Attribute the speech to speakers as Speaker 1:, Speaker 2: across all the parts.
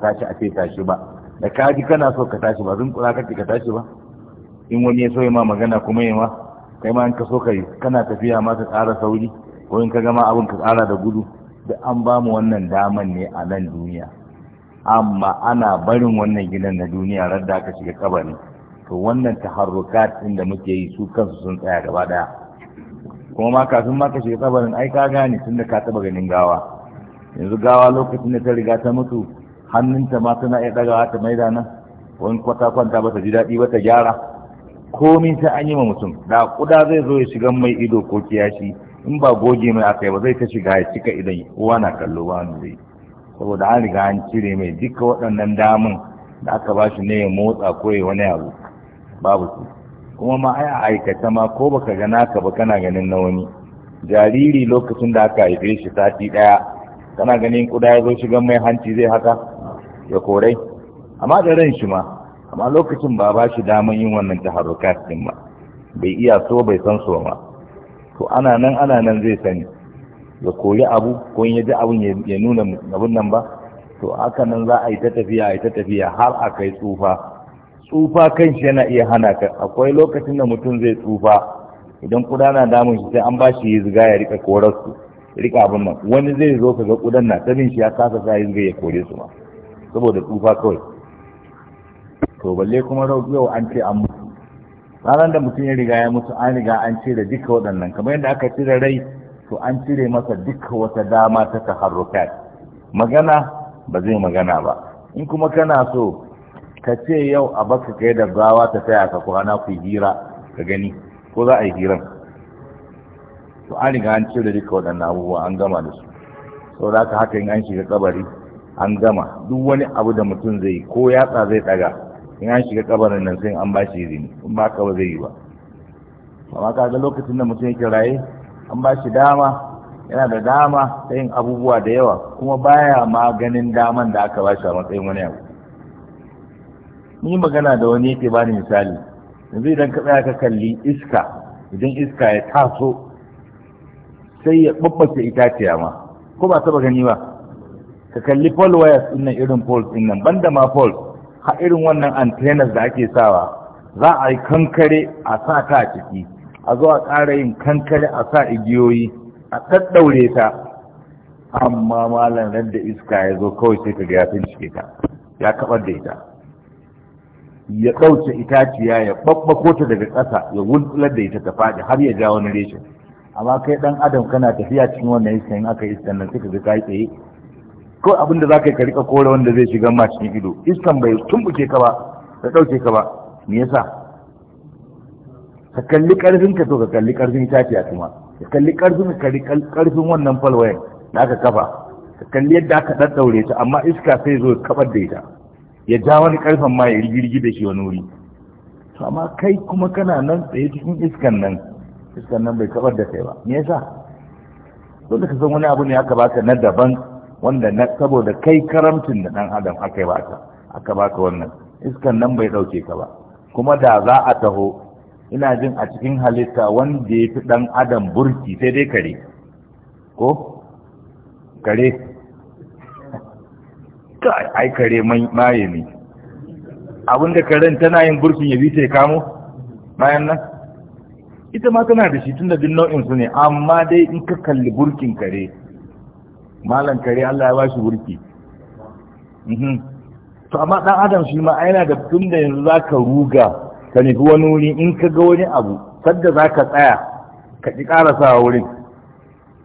Speaker 1: tashi a ce tashi ba da ka ji kana so ka tashi ba zun kula kake ka tashi ba in wani ya so ya ma magana kuma ya ma kai ma in ka so ka yi kana tafiya ma ka tsara sauri ko in ka gama abin ka tsara da gudu da an ba mu wannan daman ne a nan duniya amma ana barin wannan gidan na duniya ran da aka shiga kabari to wannan taharrukat din da muke yi su kansu sun tsaya gaba daya kuma ma kafin ma ka shiga kabarin ai ka gane tunda ka taba ganin gawa yanzu gawa lokacin da ta riga ta mutu hannunta ma suna iya ɗagawa ta mai dana wani kwata-kwanta ba ta ji daɗi ba ta gyara komin ta an yi ma mutum da kuda zai zo ya shiga mai ido ko kiyashi in ba goge mai aka yi ba zai ta shiga ya cika idan uwa na kallo ba wani zai saboda an riga an cire mai duka waɗannan damun da aka ba shi ne ya motsa ko ya wani abu babu su kuma ma a aikata ma ko baka ga naka ba kana ganin na wani jariri lokacin da aka haife shi sati ɗaya kana ganin kuda ya zo shigan mai hanci zai haka ya korai amma da ran shi ma amma lokacin ba ba shi daman yin wannan taharrukat din ba bai iya so bai san so ma to ana nan ana nan zai sani ya koyi abu ko ya ji abun ya nuna abun nan ba to haka nan za a yi ta tafiya a yi ta tafiya har a kai tsufa tsufa kan shi yana iya hana ka akwai lokacin da mutum zai tsufa idan kuda na damun shi sai an ba shi yi ziga ya rika korar su rika abin nan wani zai zo ka ga kudan na tabin shi ya kasa sa yi ziga ya kore su ma saboda tsufa kawai to balle kuma yau an ce an mutu ranar da mutum ya riga ya mutu an riga an cire duka waɗannan kamar yadda aka cire rai to an cire masa duka wata dama ta taharrukat magana ba zai magana ba in kuma kana so ka ce yau a baka kai da gawa ta taya ka kwana ku hira ka gani ko za a yi hiran to an riga an cire duka waɗannan abubuwa an gama da su saboda haka haka in an shiga kabari an gama duk wani abu da mutum zai yi ko yatsa zai daga in an shiga kabarin nan sai an bashi izini in ba ka ba zai yi ba amma ga lokacin da mutum yake raye an bashi dama yana da dama ta yin abubuwa da yawa kuma baya ma ganin daman da aka bashi a matsayin wani abu ni magana da wani yake bani misali yanzu idan ka tsaya ka kalli iska idan iska ya taso sai ya babbace itaciya ma ko ba taba gani ba ka kalli pole wires din nan irin poles din nan banda ma poles ha irin wannan antennas da ake sawa za a yi kankare a sa ta a ciki a zo a ƙara yin kankare a sa igiyoyi a ɗaɗɗaure ta amma malam ran da iska ya zo kawai sai ka ga ya cike ta ya kaɓar da ita ya ɗauce itaciya ya ɓaɓɓako ta daga ƙasa ya wuntsular da ita ta faɗi har ya ja wani reshen amma kai ɗan adam kana tafiya cikin wannan iska in aka iskan nan suka ga kai tsaye ko abinda za ka yi ka rika kore wanda zai shiga ma cikin ido iskan bai tumbuke ka ba ka ɗauke ka ba me yasa ka kalli ƙarfin ka to ka kalli ƙarfin a kuma ka kalli ƙarfin ka karfin wannan falwayan da aka kafa ka kalli yadda aka ɗaɗɗaure ta amma iska sai zo kabar da ita ya ja wani ƙarfin ma ya rigirgi da shi wani wuri to amma kai kuma kana nan tsaye cikin iskan nan iskan nan bai kabar da kai ba me yasa dole ka san wani abu ne aka baka na daban wanda na saboda kai karamcin da dan adam aka ba ka aka baka wannan iskan nan bai dauke ka ba kuma da za a taho ina jin a cikin halitta wanda ya fi dan adam burki sai dai kare ko kare kai ai kare maye ne da karen tana yin burkin ya bi ta kamo bayan nan ita ma tana da shi tun da bin nau'in su ne amma dai in ka kalli burkin kare malan kare Allah ya ba shi burki mhm. to amma dan adam shi ma yana da tun da yanzu zaka ruga ka nufi wani wuri in ka ga wani abu sadda zaka tsaya ka ki karasa wurin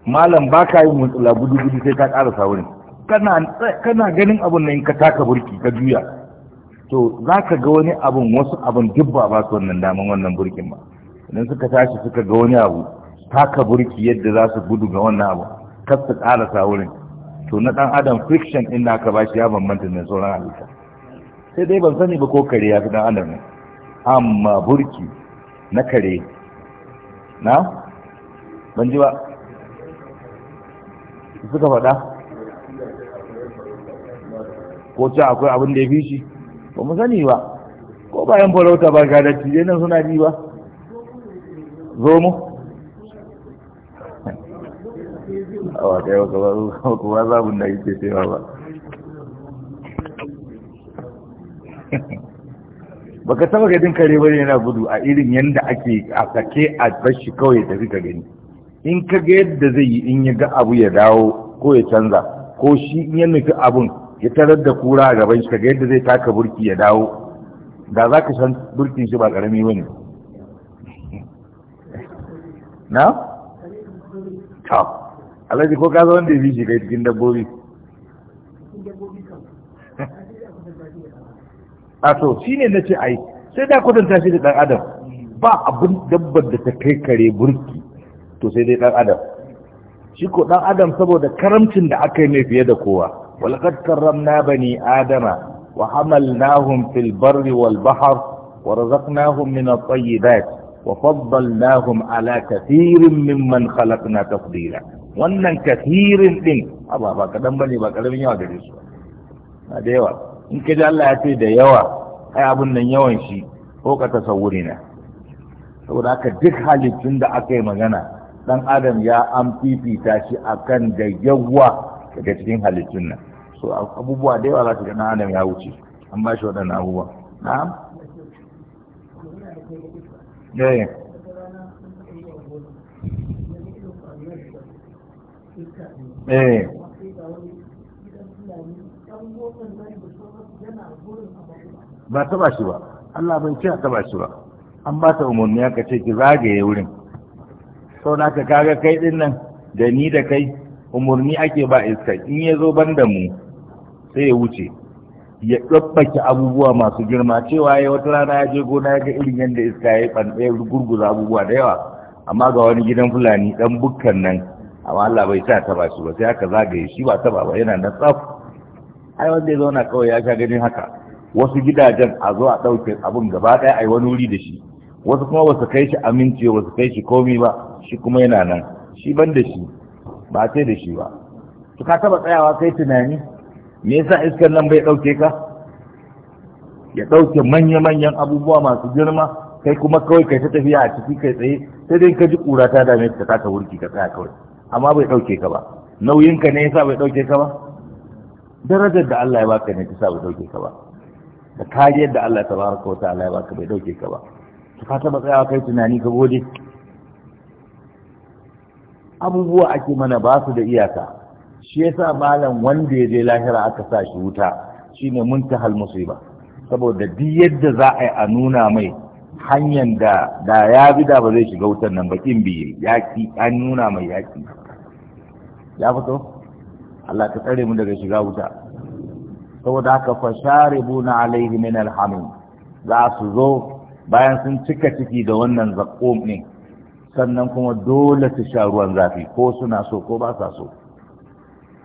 Speaker 1: malam ba ka yin mutsula gudu gudu sai ka karasa wurin kana ganin abun nan ka taka burki ka juya to zaka ga wani abun wasu abun dubba ba su wannan daman wannan burkin ba idan suka tashi suka ga wani abu taka burki yadda za su gudu ga wannan abu kasta su karasa wurin to na dan adam friction din da ba bashi ya bambanta ne sauran halitta sai dai ban sani ba ko kare ya fi dan adam ne amma burki na kare na ban ji ba suka faɗa ko ce akwai abin da ya fi shi ba mu sani ba ko bayan farauta ba ga datti dai nan suna ji ba zo mu awa kai ba kuma za mu na yake cewa ba baka taba gadin kare bane yana gudu a irin yanda ake a sake a bashi kawai da tafi ka gani in ka ga yadda zai yi in ya ga abu ya dawo ko ya canza ko shi in ya nufi abun ya tarar da kura a gaban shi ka ga yadda zai taka burki ya dawo da za ka san burkin shi ba karami ne na? ta alhaji ko kaza wanda ya fi shi kai cikin dabbobi a to shi ne na ce ai sai da kwatanta shi da ɗan adam ba abin dabbar da ta kai kare burki to sai dai ɗan adam shi ko ɗan adam saboda karamcin da aka yi mai fiye da kowa karam na bani adama wa hamalnahum fil barri wal bahar, wa razak min mina tayyibat wa faddalnahum ala kathirin mimman khalaqna tafdila wannan kathirin din ba ba kadan bane ba karamin yawa gare su na da yawa in ka ji Allah ya ce da yawa ai abun nan yawan shi ko ka tasawuri na saboda haka duk halittun da aka yi magana dan adam ya an fifita shi akan da yawa daga cikin halittun nan so abubuwa da yawa za su ga dan adam ya wuce an ba shi waɗannan abubuwa na'am eh. Eh. ba taba shi ba Allah bai ce a taba shi ba an ba ta umarni aka ce ki zagaye wurin sau na ka kaga kai din nan da ni da kai umarni ake ba iska in ya zo ban da mu sai ya wuce ya ɗabbake abubuwa masu girma cewa ya wata rana ya je gona ya ga irin yadda iska ya yi gurguza abubuwa da yawa amma ga wani gidan fulani ɗan bukkan nan amma Allah bai sa taba shi ba sai aka zagaye shi ba taba ba yana na tsaf ai wanda ya zauna kawai ya sha ganin haka wasu gidajen a zo a ɗauke abin gaba ɗaya a yi wani wuri da shi wasu kuma wasu kai shi ba wasu kai shi komi ba shi kuma yana nan shi ban da shi ba sai da shi ba to ka taba tsayawa kai tunani me yasa iskar nan bai ɗauke ka ya ɗauke manya-manyan abubuwa masu girma kai kuma kawai kai ta tafiya a ciki kai tsaye sai dai ka ji kura ta dame ka taka wurki ka tsaya kawai amma bai ɗauke ka ba nauyinka ne yasa bai ɗauke ka ba darajar da Allah ya baka ne ta sa bai ɗauke ka ba da kariyar da Allah ta wa ta'ala ya baka bai ɗauke ka ba to ka taɓa tsayawa kai tunani ka gode abubuwa ake mana ba su da iyaka shi yasa malam wanda ya je lahira aka sa shi wuta shine hal musiba saboda duk yadda za a yi a nuna mai hanyar da ya bi da ba zai shiga wutar nan bakin biye yaki an nuna mai yaki ya fito Allah ka tsare mu daga shiga wuta saboda haka fa sharibuna alaihi min alhamim za su zo bayan sun cika ciki da wannan zakkum ne sannan kuma dole su sha ruwan zafi ko suna so ko ba sa so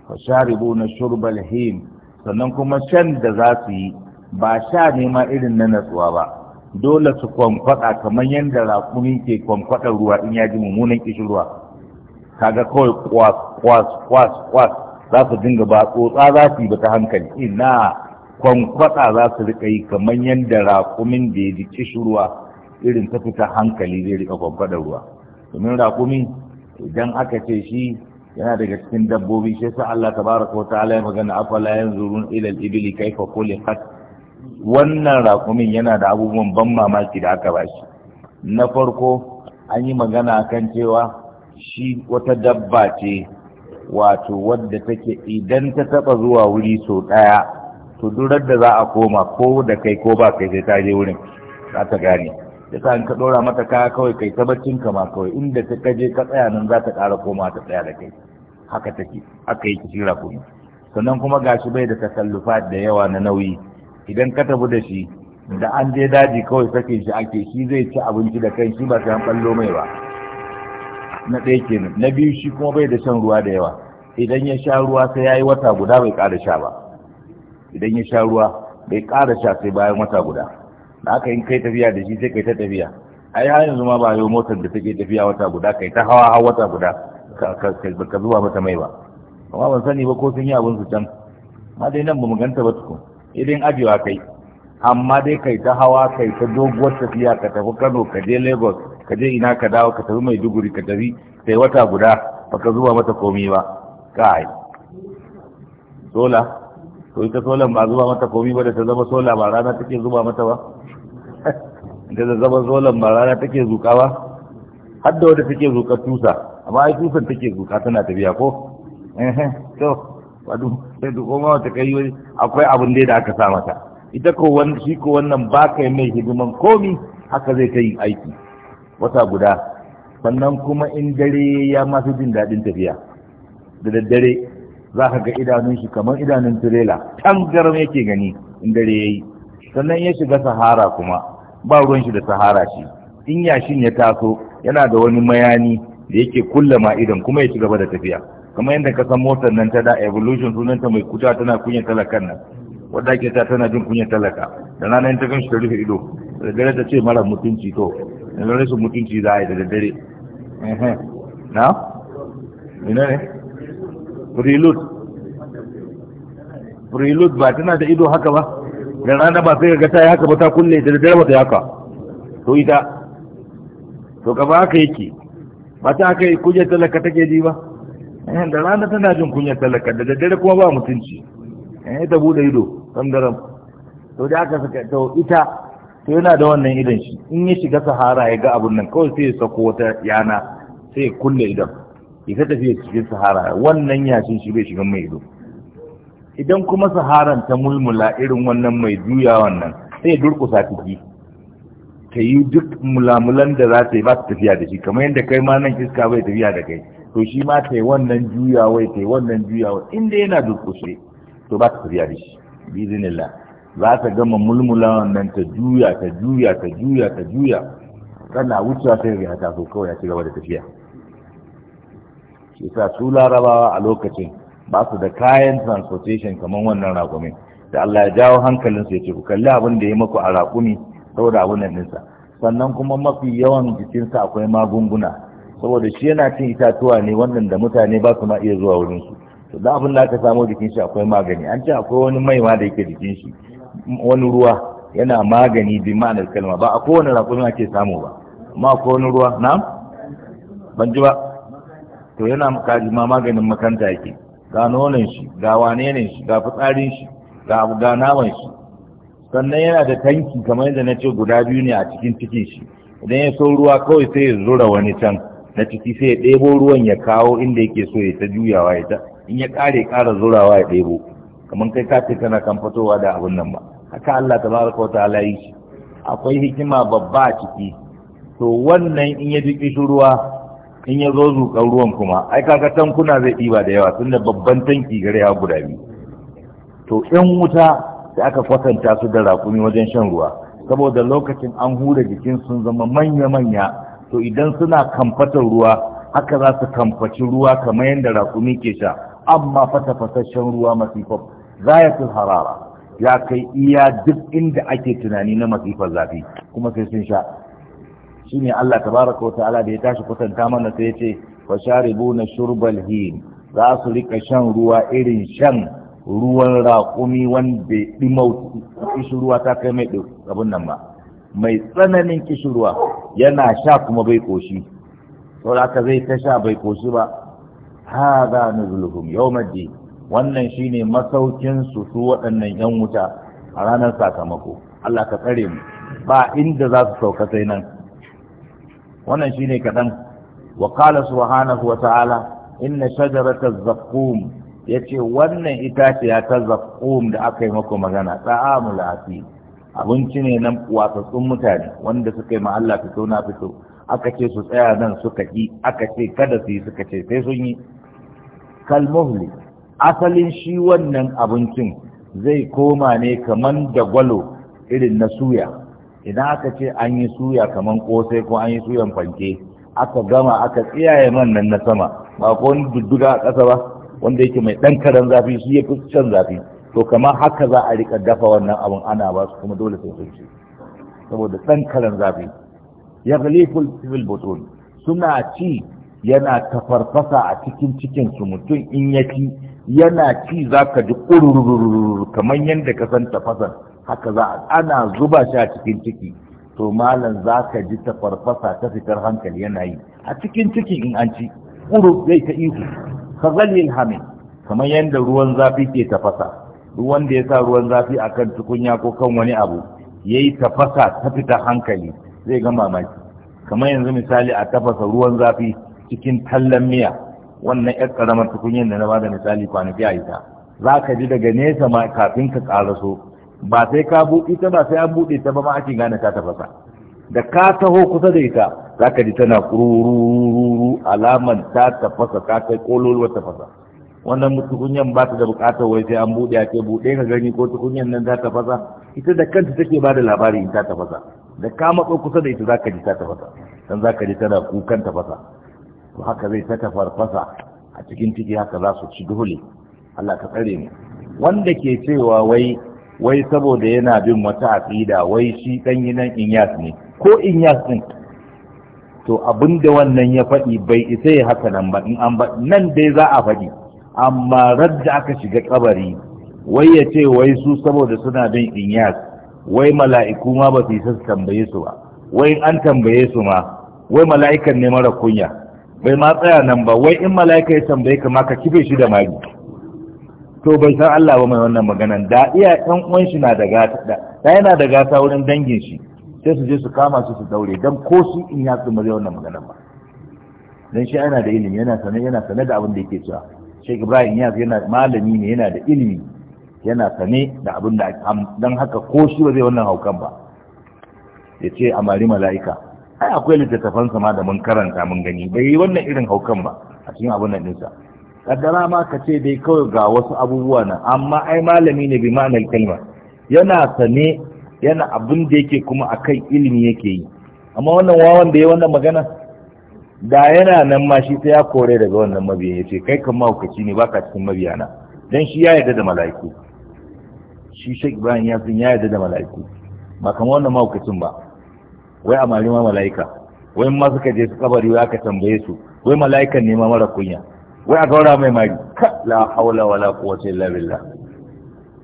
Speaker 1: fa sharibuna shurbal him sannan kuma shan da za su yi ba sha ne ma irin na natsuwa ba dole su kwankwada kamar yadda raƙumi ke kwankwada ruwa in ya ji mummunan kishin ruwa kaga kawai kwas kwas kwas kwas za su dinga ba tsotsa za su yi ba ta hankali ina kwankwasa za su rika yi kamar yadda raƙumin da ya ji kishirwa irin ta fita hankali zai rika kwankwada ruwa domin raƙumi idan aka ce shi yana daga cikin dabbobi shi sa Allah tabaraka wa ta'ala ya magana afala yanzurun ila al-ibli kayfa khuliqat wannan raƙumin yana da abubuwan ban mamaki da aka bashi na farko an yi magana kan cewa shi wata dabba ce wato wadda take idan ta taba zuwa wuri so daya to durar da za a koma ko da kai ko ba kai sai ta je wurin za ta gane da sa ka dora mata kaya kawai kai ta baccin ka ma kawai inda ta kaje ka tsaya nan za ta ƙara koma ta tsaya da kai haka take haka yake jira kuma sannan kuma gashi bai da takallufa da yawa na nauyi idan ka tafi da shi da an je daji kawai sakin shi ake shi zai ci abinci da kanshi shi ba sai an ballo mai ba na ɗaya kenan na biyu shi kuma bai da shan ruwa da yawa idan ya sha ruwa sai ya yi wata guda bai ƙara sha ba idan ya sha ruwa bai ƙara sha sai bayan wata guda da aka yin kai tafiya da shi sai kai ta tafiya A yi yanzu ma ba yau motar da take tafiya wata guda kai ta hawa hawa wata guda ka zuwa mata mai ba amma ban sani ba ko sun yi abin su can ma dai nan ba mu ganta ba tukun idan ajiyewa kai amma dai kai ta hawa kai ta doguwar tafiya ka tafi kano ka je lagos ka je ina ka dawo ka tafi mai duguri ka tafi sai wata guda baka zuba mata komi ba kai sola to ita sola ba zuba mata komi ba da ta zama sola ba rana take zuba mata ba da ta zama sola ba rana take zuka ba har da wadda take zuka tusa amma ai tusan take zuka tana tafiya ko to wadu sai duk goma wata kai akwai abin da aka sa mata ita ko wani shi ko wannan baka yi mai hidiman komi haka zai ta yi aiki wata guda sannan kuma in dare ya masu jin daɗin tafiya da daddare za ka ga idanun shi kamar idanun tirela tan garam yake gani in dare ya yi sannan ya shiga sahara kuma ba ruwan shi da sahara shi in yashin ya taso yana da wani mayani da yake kulle ma idan kuma ya ci gaba da tafiya kamar yadda ka san motar nan ta da evolution sunanta mai kuta tana kunya talakan nan wadda ake ta tana jin kunya talaka da ranar ta kan shi ta rufe ido da dare ta ce mara mutunci to yanzu rashin mutunci za a yi da daddare na? ina ne? prelude prelude ba tana da ido haka ba da rana ba sai ga ta yi haka ba ta kulle da daddare ba ta yi haka to ita to ka ba haka yake ba ta haka kunyar talaka take ji ba eh, da rana tana jin kunyar talaka da daddare kuma ba mutunci ya eh, ta bude ido sandaram to da aka suka to ita to yana da wannan idan shi in ya shiga sahara ya ga abun nan kawai sai ya sako wata yana sai ya kulle idan ya ta tafiya cikin sahara wannan yashin shi bai shiga mai ido idan kuma saharan ta mulmula irin wannan mai juya wannan sai ya durkusa ciki ta yi duk mulamulan da za ta yi ba ta tafiya da shi kamar yadda kai ma nan iska bai tafiya da kai to shi ma ta yi wannan juyawai ta yi wannan juyawai inda yana durkushe to ba ta tafiya da shi bizinillah za ta gama mulmula wannan ta juya ta juya ta juya ta juya tana wucewa sai ga ta so kawai ya ci gaba da tafiya shi su larabawa a lokacin ba su da kayan transportation kamar wannan raƙumin da Allah ya jawo su ya ce ku kalli abin da ya maku a raƙumi saboda abin nan ɗinsa sannan kuma mafi yawan jikinsa akwai magunguna saboda shi yana cin itatuwa ne wannan da mutane ba su ma iya zuwa wurinsu to da abin da aka samo jikin shi akwai magani an ce akwai wani mai ma da yake jikin shi wani ruwa yana magani bi ma'anar kalma ba a kowane raƙumi ake samu ba amma ko wani ruwa na ban ji ba to yana kaji ma maganin makanta yake ga nonon shi ga wane ne shi ga fitsarin shi ga ga naman shi sannan yana da tanki kamar yadda na ce guda biyu ne a cikin cikin shi idan ya so ruwa kawai sai ya zura wani can na ciki sai ya ɗebo ruwan ya kawo inda yake so ya ta juyawa ya ta in ya ƙare ƙara zurawa ya ɗebo kamar kai ka ce kana kan fitowa da abin nan ba haka Allah tabaraka wa ta'ala yi shi akwai hikima babba a ciki to wannan in ya shi ruwa in ya zo zuƙar ruwan kuma ai kaga tankuna zai ɗiba da yawa tunda babban tanki gare ya guda biyu to in wuta da aka kwatanta su da raƙumi wajen shan ruwa saboda lokacin an hura jikin sun zama manya-manya to idan suna kamfatar ruwa haka za su kamfaci ruwa kamar yadda raƙumi ke sha amma fata-fasashen ruwa masifaf zayatul harara ya kai iya duk inda ake tunani na masifar zafi kuma sai sun sha ne Allah tabaraka wa ta'ala da ya tashi kwatanta mana sai ya ce wa na shurbal hin za su rika shan ruwa irin shan ruwan raƙumi wanda dimau kishirwa ta kai mai abin nan ba. mai tsananin kishirwa yana sha kuma bai koshi saboda zai ta sha bai koshi ba hada nuzuluhum yawmaddin wannan shine masaukin su su waɗannan yan wuta a ranar sakamako Allah ka tsare mu ba inda za su sauka sai nan wannan shine kaɗan wa qala subhanahu wa ta'ala inna shajarata ya ce wannan itaciya ta zakkum da aka yi mako magana ta'amul asid abinci ne nan watsatsun mutane wanda suka yi ma Allah fito na fito aka ce su tsaya nan suka ƙi aka ce kada su yi suka ce sai sun yi kalmuhli asalin shi wannan abincin zai koma ne kaman da gwalo irin na suya idan aka ce an yi suya kaman kosai ko an yi suyan fanke aka gama aka tsiyaye man nan na sama ba ko wani dudduga a ƙasa ba wanda yake mai ɗan karen zafi shi ya fi can zafi to kamar haka za a riƙa dafa wannan abin ana ba su kuma dole sai sun ci saboda ɗan karen zafi ya galiful civil suna ci yana tafarfasa a cikin cikin su mutum in ya ci yana ci za ka ji ƙururururu kamar yadda ka san tafasar haka za ana zuba shi a cikin ciki to malam za ka ji ta farfasa ta fitar hankali yana yi a cikin ciki in an ci ƙuru zai ta ihu ka zalil hamin kamar yadda ruwan zafi ke tafasa ruwan da ya sa ruwan zafi a kan tukunya ko kan wani abu ya yi tafasa ta fitar hankali zai gama maki. kamar yanzu misali a tafasa ruwan zafi cikin tallan miya wannan yar karamar tukunyar da na ba da misali kwanaki a ita za ka ji daga nesa ma kafin ka karaso ba sai ka buɗe ta ba sai an buɗe ta ba ma ake gane ta tafasa da ka taho kusa da ita za ka ji tana kurururu alaman ta tafasa ta kai kololuwar tafasa wannan tukunyar ba ta da bukatar wai sai an buɗe a ce buɗe ka gani ko tukunyar nan ta tafasa ita da kanta take ba da labari in ta tafasa da ka matso kusa da ita za ka ji ta tafasa dan za ka ji tana kukan tafasa to haka zai ta tafarfasa a cikin ciki haka za su ci dole Allah ka tsare mu wanda ke cewa wai wai saboda yana bin wata aqida wai shi dan yinan inyas ne ko inyas din to abinda wannan ya faɗi bai isa ya haka nan ba in an ba nan dai za a faɗi amma radda aka shiga kabari wai ya ce wai su saboda suna bin inyas wai mala'iku ma ba su yi su tambaye su ba wai an tambaye su ma wai mala'ikan ne mara kunya bai ma tsaya nan ba wai in mala'ika ya tambaye ka ma ka kife shi da mali. to bai san Allah ba mai wannan maganan da iya ɗan uwan shi na da gata da yana da gata wurin dangin shi sai su je su kama su su daure dan ko su in ya tsuma zai wannan maganan ba dan shi yana da ilimi yana sanar yana sanar da abin da yake cewa Sheikh Ibrahim ya yana malami ne yana da ilimi yana sane da abin da dan haka ko shi ba zai wannan haukan ba ya ce a mali mala'ika ai akwai littattafan sama da mun karanta mun gani bai yi wannan irin haukan ba a cikin abin nan nisa kaddara ma ka ce dai kawai ga wasu abubuwa nan amma ai malami ne bi ma'anar kalma yana sane yana abin da yake kuma akan ilimi yake yi amma wannan wawan da yi wannan magana da yana nan ma shi sai ya kore daga wannan mabiya ya ce kai kan mahaukaci ne baka cikin mabiya na dan shi ya yarda da mala'iku shi shek bayan ya ya yarda da mala'iku ba kamar wannan mahaukacin ba wai a mali ma mala'ika wai ma suka je su kabari wai aka tambaye su wai mala'ikan ne ma mara kunya wai a gaura mai mari ka la haula wala quwwata illa billah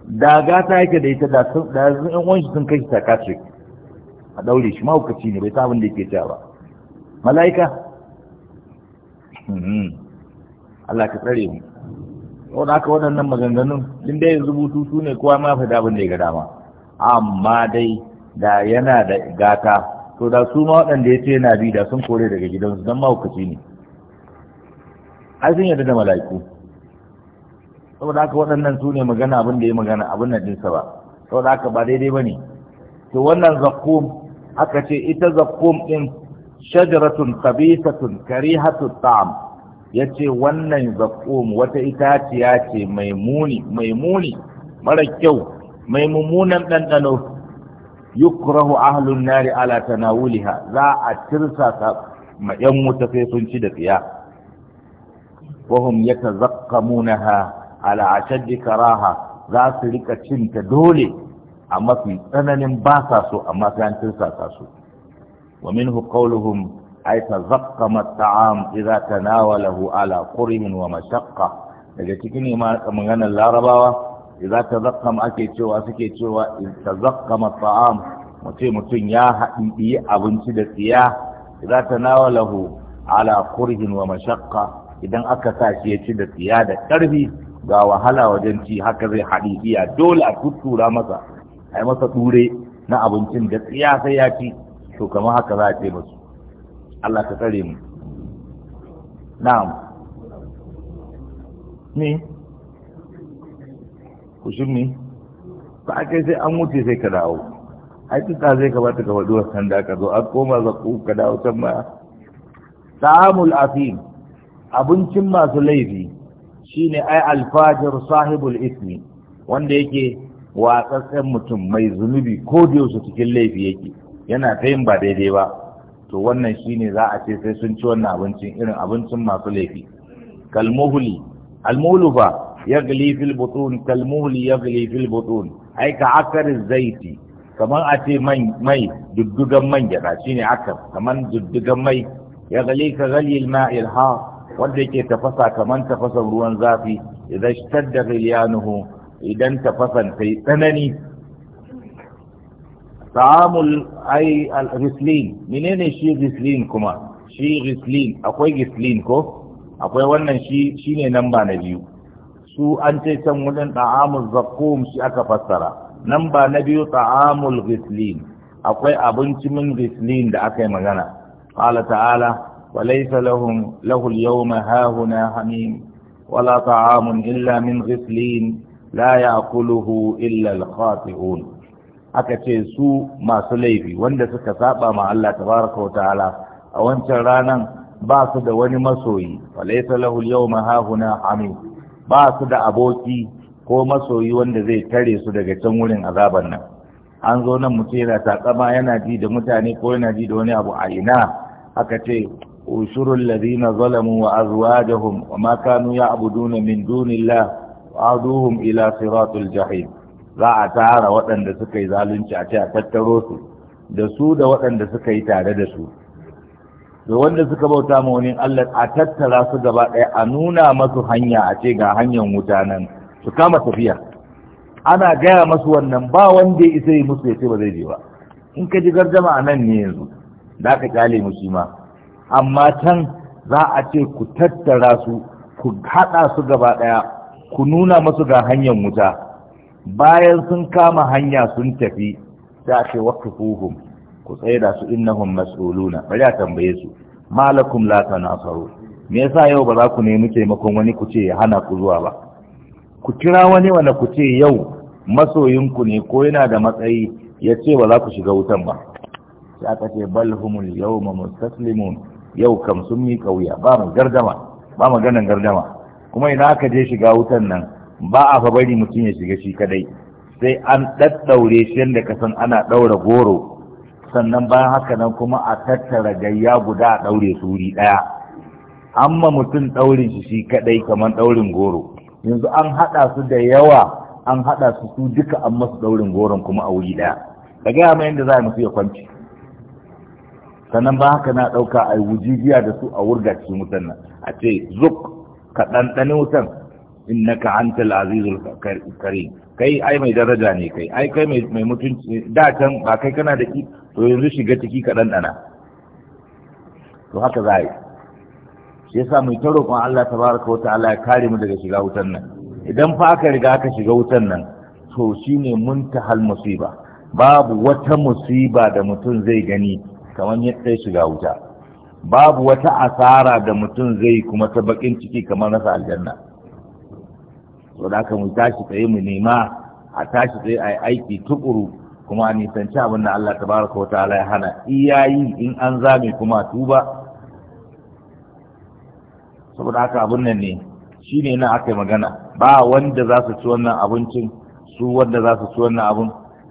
Speaker 1: da gata yake da ita da sun da sun yan wani sun kai shi a daure shi mahaukaci ne bai ta abin da yake cewa ba mala'ika hmm. Allah ka tsare mu wanda aka waɗannan maganganun din da yanzu bututu ne kowa ma fa da abin da ya ga dama amma dai da yana da gata to da su ma waɗanda ya ce yana bi da sun kore daga gidansu don mahaukaci ne ai sun yadda da mala'iku saboda haka waɗannan su ne magana abin da ya magana abin na ɗinsa ba saboda haka ba daidai ba ne to wannan zakkum aka ce ita zakkum ɗin shajaratun khabisatun karihatun ta'am ce wannan zakkum wata itaciya ce mai muni mai muni mara kyau mai mummunan ɗanɗano yukrahu ahlun nari ala tanawuliha za a tirsa ta ma yan wuta sai sun ci da tsiya wahum yatazaqamunaha ala ashaddi karaha za su rika cinta dole a mafi tsananin ba sa so amma sai an tirsa ta su wa minhu qawluhum ay tazaqqama at-ta'am idza tanawalahu ala qurhin wa mashaqqa daga cikin maganar larabawa idza tazaqqam ake cewa suke cewa in tazaqqama ta'am mutum mutum ya haɗi abinci da tsiya idza tanawalahu ala kurhin wa mashaqqa idan aka sa shi ya ci da tsiya da ƙarfi ga wahala wajen ci haka zai haɗi iya dole a tuttura masa a yi masa ɗure na abincin da tsiya sai ya ci to kamar haka za a ce musu, Allah ka tsare mu na'am ni kushin ne ba a kai sai an wuce sai ka dawo ai ta zai kamata ka faɗi wasu da ka zo an koma ku ka dawo can ba ta'amul afin abincin masu laifi shine ai alfajir sahibul ismi wanda yake watsatsen mutum mai zunubi ko da yaushe cikin laifi yake yana ta yin ba daidai ba to wannan shine za a ce sai sun ci wannan abincin irin abincin masu laifi kalmuhuli almulu fa يغلي في البطون كالمهل يغلي في البطون أي كعكر الزيت كمان أتي mai مي ددوغا مي جدا شيني عكر كمان ددوغا مي ka كغلي الماء الحار wanda ke tafasa kamar tafasan ruwan zafi idan da ghilyanuhu idan tafasan yi tsanani ta'amul ai al-ghislin menene shi rislin kuma shi rislin. akwai rislin ko akwai wannan shi shine ba na biyu su an ce can wajen ta'amul zakum shi aka fassara nan ba na biyu ta'amul ghislin akwai abinci min ghislin da aka yi magana qala ta'ala wa laysa lahum lahu al-yawma hahuna hamim wala ta'amun illa min ghislin la ya'kuluhu illa al-khati'un aka ce su masu laifi wanda suka saba ma Allah tabaraka wa ta'ala a wancan ranan ba su da wani masoyi wa laysa lahu al-yawma hahuna hamim ba su da aboki ko masoyi wanda zai tare su daga can wurin azaban nan an zo nan mutum yana takama yana ji da mutane ko yana ji da wani abu a ina aka ce ushurul ladina zalamu wa azwajuhum wa ma kanu ya'buduna min dunillahi aduhum ila siratul jahim za a tara waɗanda suka yi zalunci a ce a tattaro su da su da waɗanda suka yi tare da su da wanda suka bauta ma wani Allah a tattara su gaba ɗaya a nuna masu hanya a ce ga hanyar wuta nan su kama tafiya ana gaya masu wannan ba wanda ya isa yi musu ya ce ba zai je ba in ka ji gardama a nan ne yanzu da ka kyale mu shi ma amma can za a ce ku tattara su ku haɗa su gaba ɗaya ku nuna masu ga hanyar wuta bayan sun kama hanya sun tafi da ce wakafuhum ku da su innahum mas'uluna bari a tambaye su malakum la tanasaru me yasa yau ba za ku nemi taimakon wani ku ce ya hana ku zuwa ba ku kira wani wanda ku ce yau masoyinku ne ko yana da matsayi ya ce ba za ku shiga wutan ba sai aka ce bal humul yawma mustaslimun yau kam sun mi kauya ba mu gardama ba maganan gardama kuma ina aka je shiga wutan nan ba a fa bari mutum ya shiga shi kadai sai an ɗaɗɗaure shi yadda ka san ana ɗaura goro sannan bayan haka nan kuma a tattara gayya guda a ɗaure su wuri ɗaya amma mutum ɗaurin shi shi kaɗai kamar ɗaurin goro yanzu an haɗa su da yawa an haɗa su su duka an masu ɗaurin goron kuma a wuri ɗaya ka gaya mai yadda za a musu ya kwanci sannan ba haka na ɗauka a wujijiya da su a wurga ci wutan nan a ce zuk ka ɗanɗani wutan ka antal azizul kare. kai ai mai daraja ne kai ai kai mai mutunci da can ba kai kana da to yanzu shiga ciki kaɗanɗana, ɗana to haka za a yi shi yasa mai ta roƙon Allah Ta baraka wa ta'ala ya kare mu daga shiga wutan nan idan fa aka riga aka shiga wutan nan to shi ne ta hal musiba babu wata musiba da mutum zai gani kamar yadda shiga wuta babu wata asara da mutum zai kuma ta bakin ciki kamar nasa aljanna to da aka mu tashi tsaye mu nema a tashi tsaye a aiki tukuru kuma a nisanci abin da Allah tabaraka wa ta'ala ya hana iyayi in an zame kuma tuba saboda haka abin nan ne shine na aka yi magana ba wanda za su ci wannan abincin su wanda za su ci wannan abin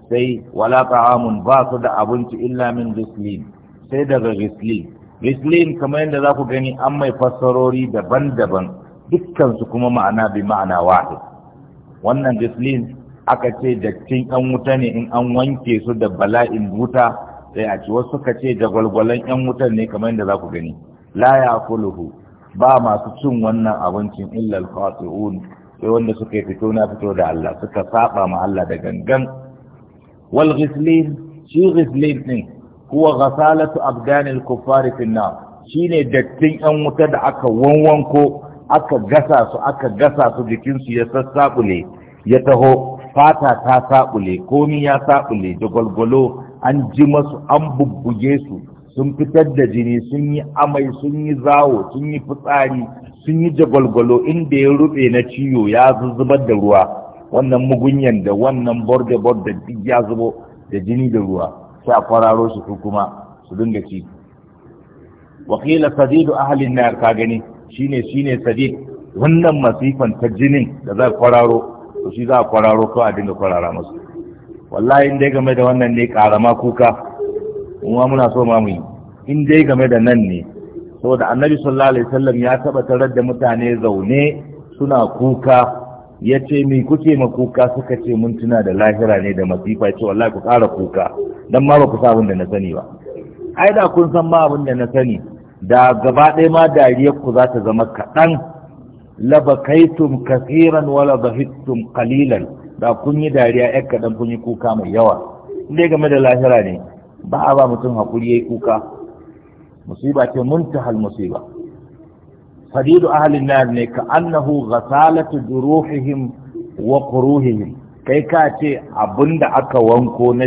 Speaker 1: sai wala ta'amun ba su da abinci illa min rislin sai daga rislin rislin kamar yadda za ku gani an mai fassarori daban-daban dukkansu kuma ma'ana bi ma'ana wahid wannan rislin aka ce dattin yan wuta ne in an wanke su da bala'in wuta sai a ci wasu suka ce jagwalgwalan yan wuta ne kamar yadda za ku gani la ya kuluhu ba masu cin wannan abincin illal khati'un sai wanda suka fito na fito da Allah suka saba ma Allah da gangan wal ghislin shi ghislin ne huwa ghasalatu al-kuffar fi nar shine dattin yan wuta da aka wanwanko aka gasa su aka gasa su jikin su ya sassabule ya taho fata ta saɓule komi ya saɓule jagwalgwalo an ji masu an bubbuge su sun fitar da jini sun yi amai sun yi zawo sun yi fitsari sun yi jagwalgwalo inda ya rube na ciwo ya zubar da ruwa wannan mugunyan da wannan borde borde duk ya zubo da jini da ruwa sai a kwararo shi su kuma su dinga ci wakila sadidu ahlin nar ka gani shine shine sadid wannan masifan ta jinin da za kwararo to shi za a kwararo kawai a dinga kwarara masu wallahi in dai game da wannan ne karama kuka kuma muna so ma mu yi in game da nan ne saboda annabi sallallahu alaihi wasallam ya taba tarar da mutane zaune suna kuka ya ce mai kuke ma kuka suka ce mun tuna da lahira ne da masifa ya ce wallahi ku kara kuka dan ma ba ku sa abin da na sani ba ai da kun san ma abin da na sani da gaba ɗaya ma dariyar ku za ta zama kaɗan labakaitum kasiran wala bahittum qalilan da kun yi dariya ƴar kaɗan kun yi kuka mai yawa inda game da lahira ne ba a ba mutum haƙuri ya kuka musiba ce muntahal musiba Fadidu ahli nar ne ka annahu ghasalatu duruhihim wa quruhihim kai ka ce abinda aka wanko na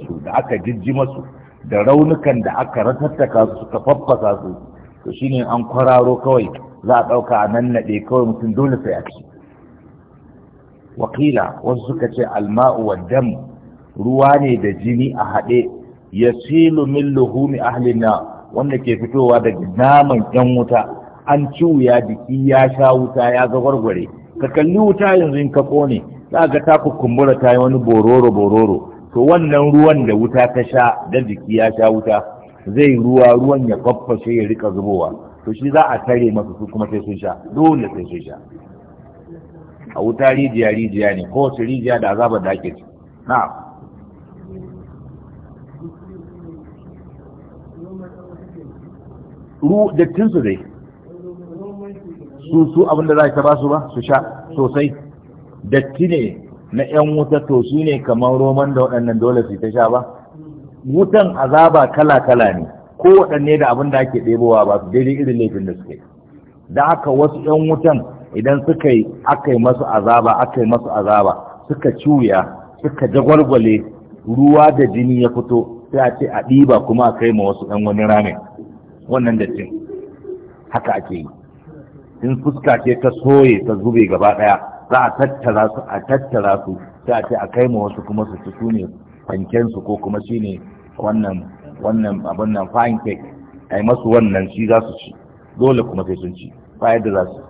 Speaker 1: su da aka jijji masu da raunukan da aka ratattaka su suka faffasa su to shine an kwararo kawai za a ɗauka a nan naɗe kawai mutum dole sai a ci wakila wasu suka ce alma'u wa dam ruwa ne da jini a haɗe ya silu min luhumi ahlina wanda ke fitowa daga naman yan wuta an ci wuya jiki ya sha wuta ya ga gwargware ka kalli wuta yanzu in ka kone za ga ta kumbura ta yi wani bororo bororo to wannan ruwan da wuta ta sha da jiki ya sha wuta zai ruwa ruwan ya kwafashe ya rika zubowa to shi za a tare masu su kuma sai sun sha dole sai sun sha a wuta rijiya rijiya ne ko su rijiya da azabar da ake na ru dattin su dai su su abinda za a taba su ba su sha sosai datti ne na 'yan wuta to su ne kamar roman da waɗannan dole su ta sha ba wutan azaba kala-kala ne kowaɗanne da abin da ake ɗebowa ba su daidai irin laifin da suke? da haka wasu ‘yan wutan idan suka yi aka yi masu azaba aka yi masu azaba suka cuya suka jagwalgwale ruwa da jini ya fito sai a ce a ɗiba kuma a kai ma wasu ‘yan wani ramin wannan da dattin haka ake yi in fuska ce ta soye ta zube gaba ɗaya za a tattara su a tattara su sai a ce a kai ma wasu kuma su ci su ne fankensu ko kuma shi ne wannan wannan abin nan fine cake a yi masu wannan shi za su ci dole kuma sai sun ci fayar da za su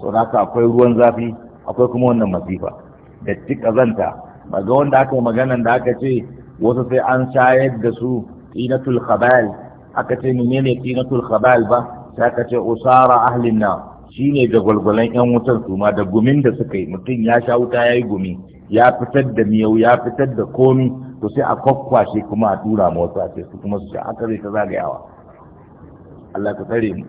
Speaker 1: sau na haka akwai ruwan zafi akwai kuma wannan masifa da ci kazanta ba ga wanda aka yi maganan da aka ce wasu sai an shayar da su tinatul khabal aka ce menene tinatul khabal ba sai aka ce usara ahlin na shine da gwalgwalan yan wutan su ma da gumin da suka yi mutum ya sha wuta ya yi gumi ya fitar da miyau ya fitar da komi to sai a kwakwashe kuma a tura ma wasu a ce su kuma su ce aka zai ta zagayawa Allah ka tsare mu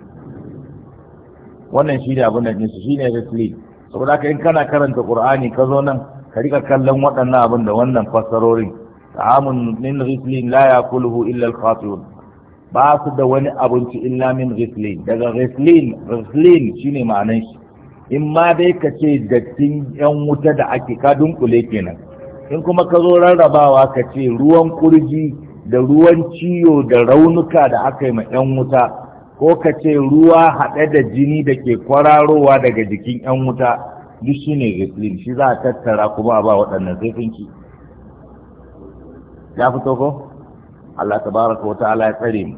Speaker 1: wannan shi ne abin da jinsu shi ne wrestling saboda haka in kana karanta qur'ani ka zo nan ka rika kallon waɗannan abin da wannan fassarorin ta'amun min wrestling la yakuluhu illa al-khatibun ba su da wani abinci illa min wrestling daga wrestling wrestling shine ma'anar shi in ma dai ka ce dattin yan wuta da ake ka dunkule kenan in kuma ka zo rarrabawa ka ce ruwan kurji da ruwan ciyo da raunuka da aka yi ma yan wuta ko ka ce ruwa haɗe da jini da ke kwararowa daga jikin yan wuta duk shi ne gaslin shi za a tattara kuma a ba waɗannan sai ya fito ko Allah baraka wata ala ya tsare mu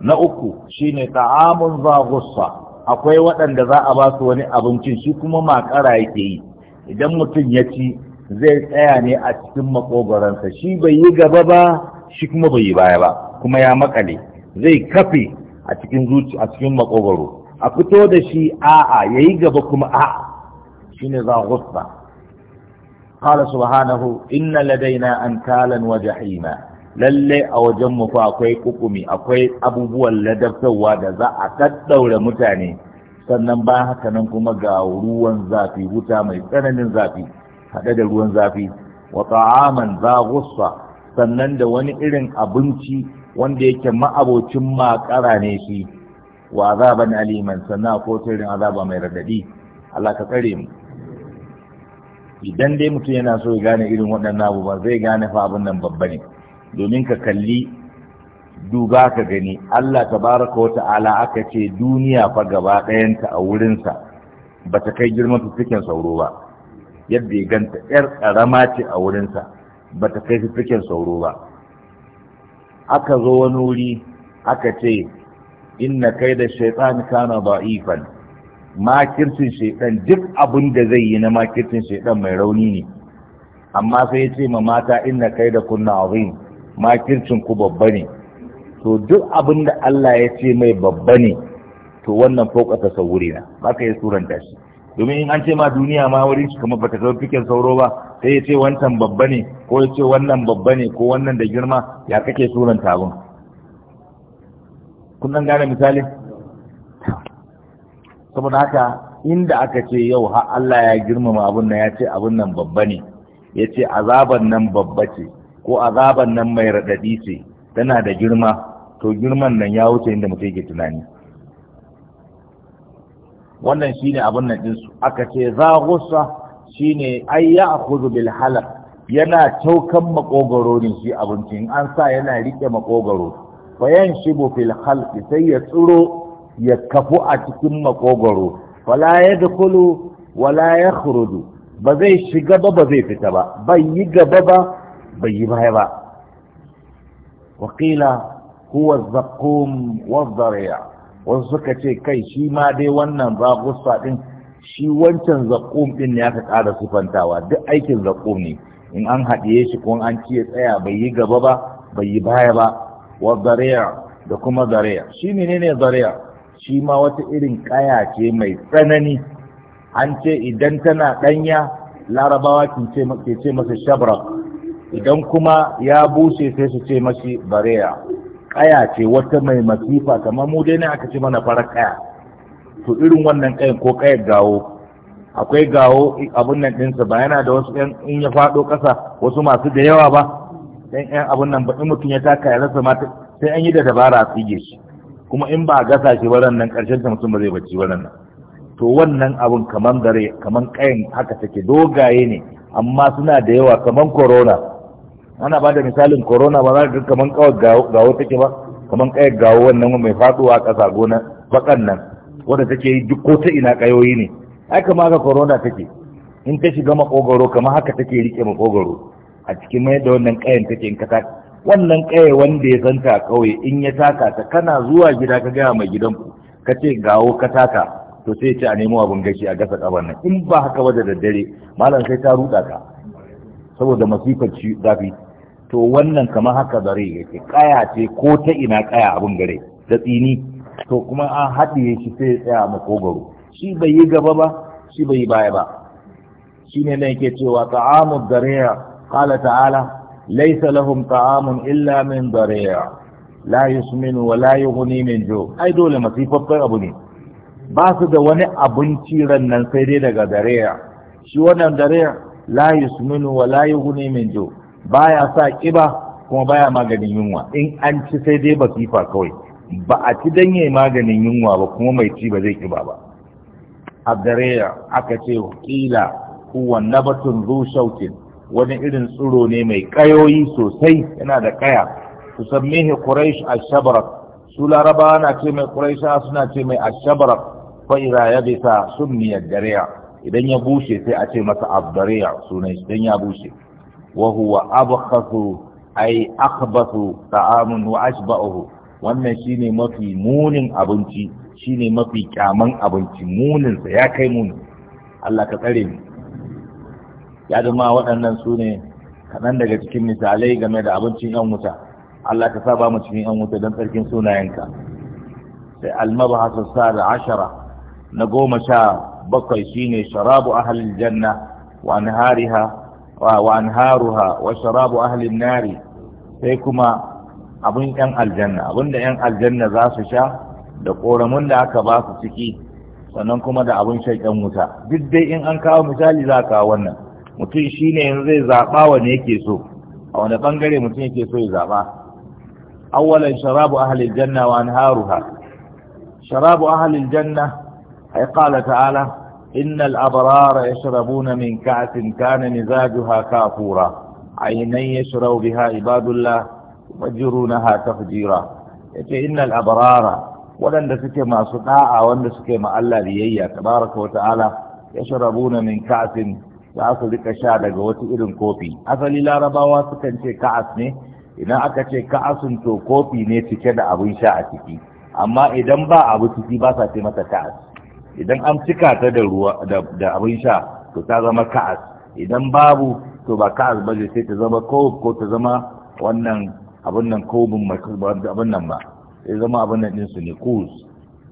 Speaker 1: na uku shine ta'amun za gussa akwai waɗanda za a ba su wani abincin shi kuma makara yake yi idan mutum ya ci zai tsaya ne a cikin makogoransa shi bai yi gaba ba shi kuma bai yi baya ba kuma ya makale zai kafe a cikin zuci a cikin makogoro a fito da shi a'a ya yi gaba kuma a'a ne za gusta Kala subhanahu inna ladaina ankalan wa jahima lalle a wajen mu fa akwai kukumi akwai abubuwan ladabtarwa da za a kaddaure mutane sannan ba haka nan kuma ga ruwan zafi wuta mai tsananin zafi haɗe da ruwan zafi wa ta'aman za gussa sannan da wani irin abinci wanda yake ma'abocin makara ne shi wa azaban aliman sannan ko irin azaba mai radadi Allah ka tsare mu idan dai mutum yana so ya gane irin waɗannan abubuwan zai gane fa abin nan babba ne domin ka kalli duba ka gani Allah tabaraka wa ta'ala aka ce duniya fa gaba ɗayanta a wurinsa ba ta kai girman fifikin sauro ba yadda ya ganta yar ƙarama ce a wurinsa ba ta kai fifikin sauro ba aka zo wani wuri aka ce inna kai da shaitan kana da'ifan makircin shaitan duk abin da zai yi na makircin shaitan mai rauni ne amma sai ya ce ma mata inna kai da kunna azim makircin ku babba ne to duk abin da Allah ya ce mai babba ne to wannan fauka tasawuri na ba ka yi suranta shi domin in an ce ma duniya ma wurin shi kamar bata kai fikin sauro ba sai ya ce wancan babba ne ko ya ce wannan babba ne ko wannan da girma ya kake suranta abin kun dan gane misali saboda haka inda aka ce yau har Allah ya girmama abun nan ya ce abun nan babba ne ya ce azaban nan babba ce ko azaban nan mai raɗaɗi ce tana da girma to girman nan ya wuce inda mutum yake tunani wannan shine abin nan ɗinsu aka ce za gusa shine ai ya akuzu bil yana caukan makogaro ne shi abincin an sa yana rike makogaro fayan shibu fil halqi sai ya tsiro ya kafu a cikin makogaro fala yadkhulu wala yakhruju ba zai shiga ba ba zai fita ba bai yi gaba ba bai yi baya ba wakila huwa zakum wazzariya wasu suka ce kai shi ma dai wannan zagusa din shi wancan zakum din ne aka ƙara sufantawa duk aikin zakum ne in an haɗiye shi ko an ci ya tsaya bai yi gaba ba bai yi baya ba wazzariya da kuma zariya shi ne zariya shi ma wata irin kaya ce mai tsanani an ce idan tana ɗanya larabawa ke ce masa shabrak idan kuma ya bushe sai su ce mashi bareya kaya ce wata mai masifa kamar mu dai ne aka ce mana farar kaya to irin wannan kayan ko kayan gawo akwai gawo abun nan ɗinsa ba yana da wasu in ya faɗo ƙasa wasu masu da yawa ba dan ɗan abun nan ba in mutum ya taka ya rasa mata sai an yi da dabara a tsige shi kuma in ba a gasa shi ba nan ƙarshen ta mutum ba zai bacci ba nan to wannan abun kaman dare, kaman ƙayan haka take dogaye ne amma suna da yawa kaman corona ana ba da misalin corona ba za ka kaman kawai gawo take ba kaman kai gawo wannan mai faduwa a ƙasa gona bakan nan wanda take yi duk ko ta ina kayoyi ne ai kama haka corona take in ta shiga makogoro kama haka take rike makogoro a cikin mai da wannan kayan take in ka wannan kaye wanda ya ta kauye in ya taka ta kana zuwa gida ka gaya mai gidan ku, ka ce gawo ka taka to sai ce a nemo abin gashi a gasa kaban nan in ba haka ba da daddare malam sai ta ruda ka saboda masifar zafi to wannan kamar haka zare yake kaya ce ko ta ina kaya abin gare da tsini to kuma an haɗiye shi sai ya tsaya makogaro shi bai yi gaba ba shi bai yi baya ba shi ne na yake cewa ta'amu zariya qala ta'ala laisa lahum ta'amun illa min zariya la yusminu wa la yughni min jo ai dole masifaffen abu ne ba su da wani abinci ran nan sai dai daga zariya shi wannan zariya la yusminu wa la yughni min jo baya sa kiba kuma baya maganin yunwa in an ci sai dai ba kifa kawai ba a ci danye maganin yunwa ba kuma mai ci ba zai kiba ba abdareya aka ce kila huwa nabatun zu shautin wani irin tsiro ne mai kayoyi sosai yana da kaya tusammihi quraish ashabrak su laraba na ce mai quraisha suna ce mai ashabrak fa ira yabisa summiya dareya idan ya bushe sai a ce masa abdariya sunan shi ya bushe wa huwa abkhasu ay akhbathu ta'amun wa ashba'uhu wannan shine mafi munin abinci shine mafi kyaman abinci munin sa ya kai muni Allah ka tsare mu ya zama waɗannan sune. kaɗan daga cikin misalai game da abincin yan wuta Allah ka sa mu cikin yan wuta don tsarkin sunayenka sai almabahasu sa da ashara na goma sha bakwai shine sharabu ahalin janna wa anhariha wa anharuha wa sharabu nari sai kuma abin yan aljanna abinda yan aljanna za su sha da koramun da aka ba su ciki sannan kuma da abin shan yan wuta duk dai in an kawo misali za ka wannan mutum shine yanzu zai zaɓa wani yake so a wani bangare mutum yake so ya zaɓa sharabu شراب أهل wa anharuha sharabu أهل الجنة ai قال ta'ala. إن الأبرار يشربون من كاس كان مزاجها كافورا عيني يشرب بها عباد الله يفجرونها تفجيرا إن الأبرار ولن تسكي ما صداع ولن تسكي ما الله ليا تبارك وتعالى يشربون من كاس كاس لك شادق وتئل كوبي أ ف ل ل ا ر ب ا و ا سكن شي كاس ن إ ن ا أ ك ت ش كاس تو كوبي نتي كذا ابو ش ا ع ت ك أ متى كاس idan an cika ta da ruwa da abin sha to ta zama ka'as idan babu to ba ka'as ba sai ta zama kob ko ta zama wannan abin nan kobin abin nan ba sai zama abin nan ɗinsu ne kus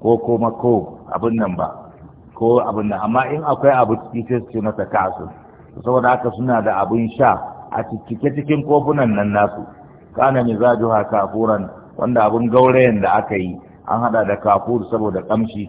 Speaker 1: ko kuma kob abin nan ba ko abin nan amma in akwai abu cikin sai su ce masa saboda haka suna da abin sha a cike cikin kofunan nan nasu kana mizajuha kafuran wanda abin gaurayen da aka yi an hada da kafur saboda kamshi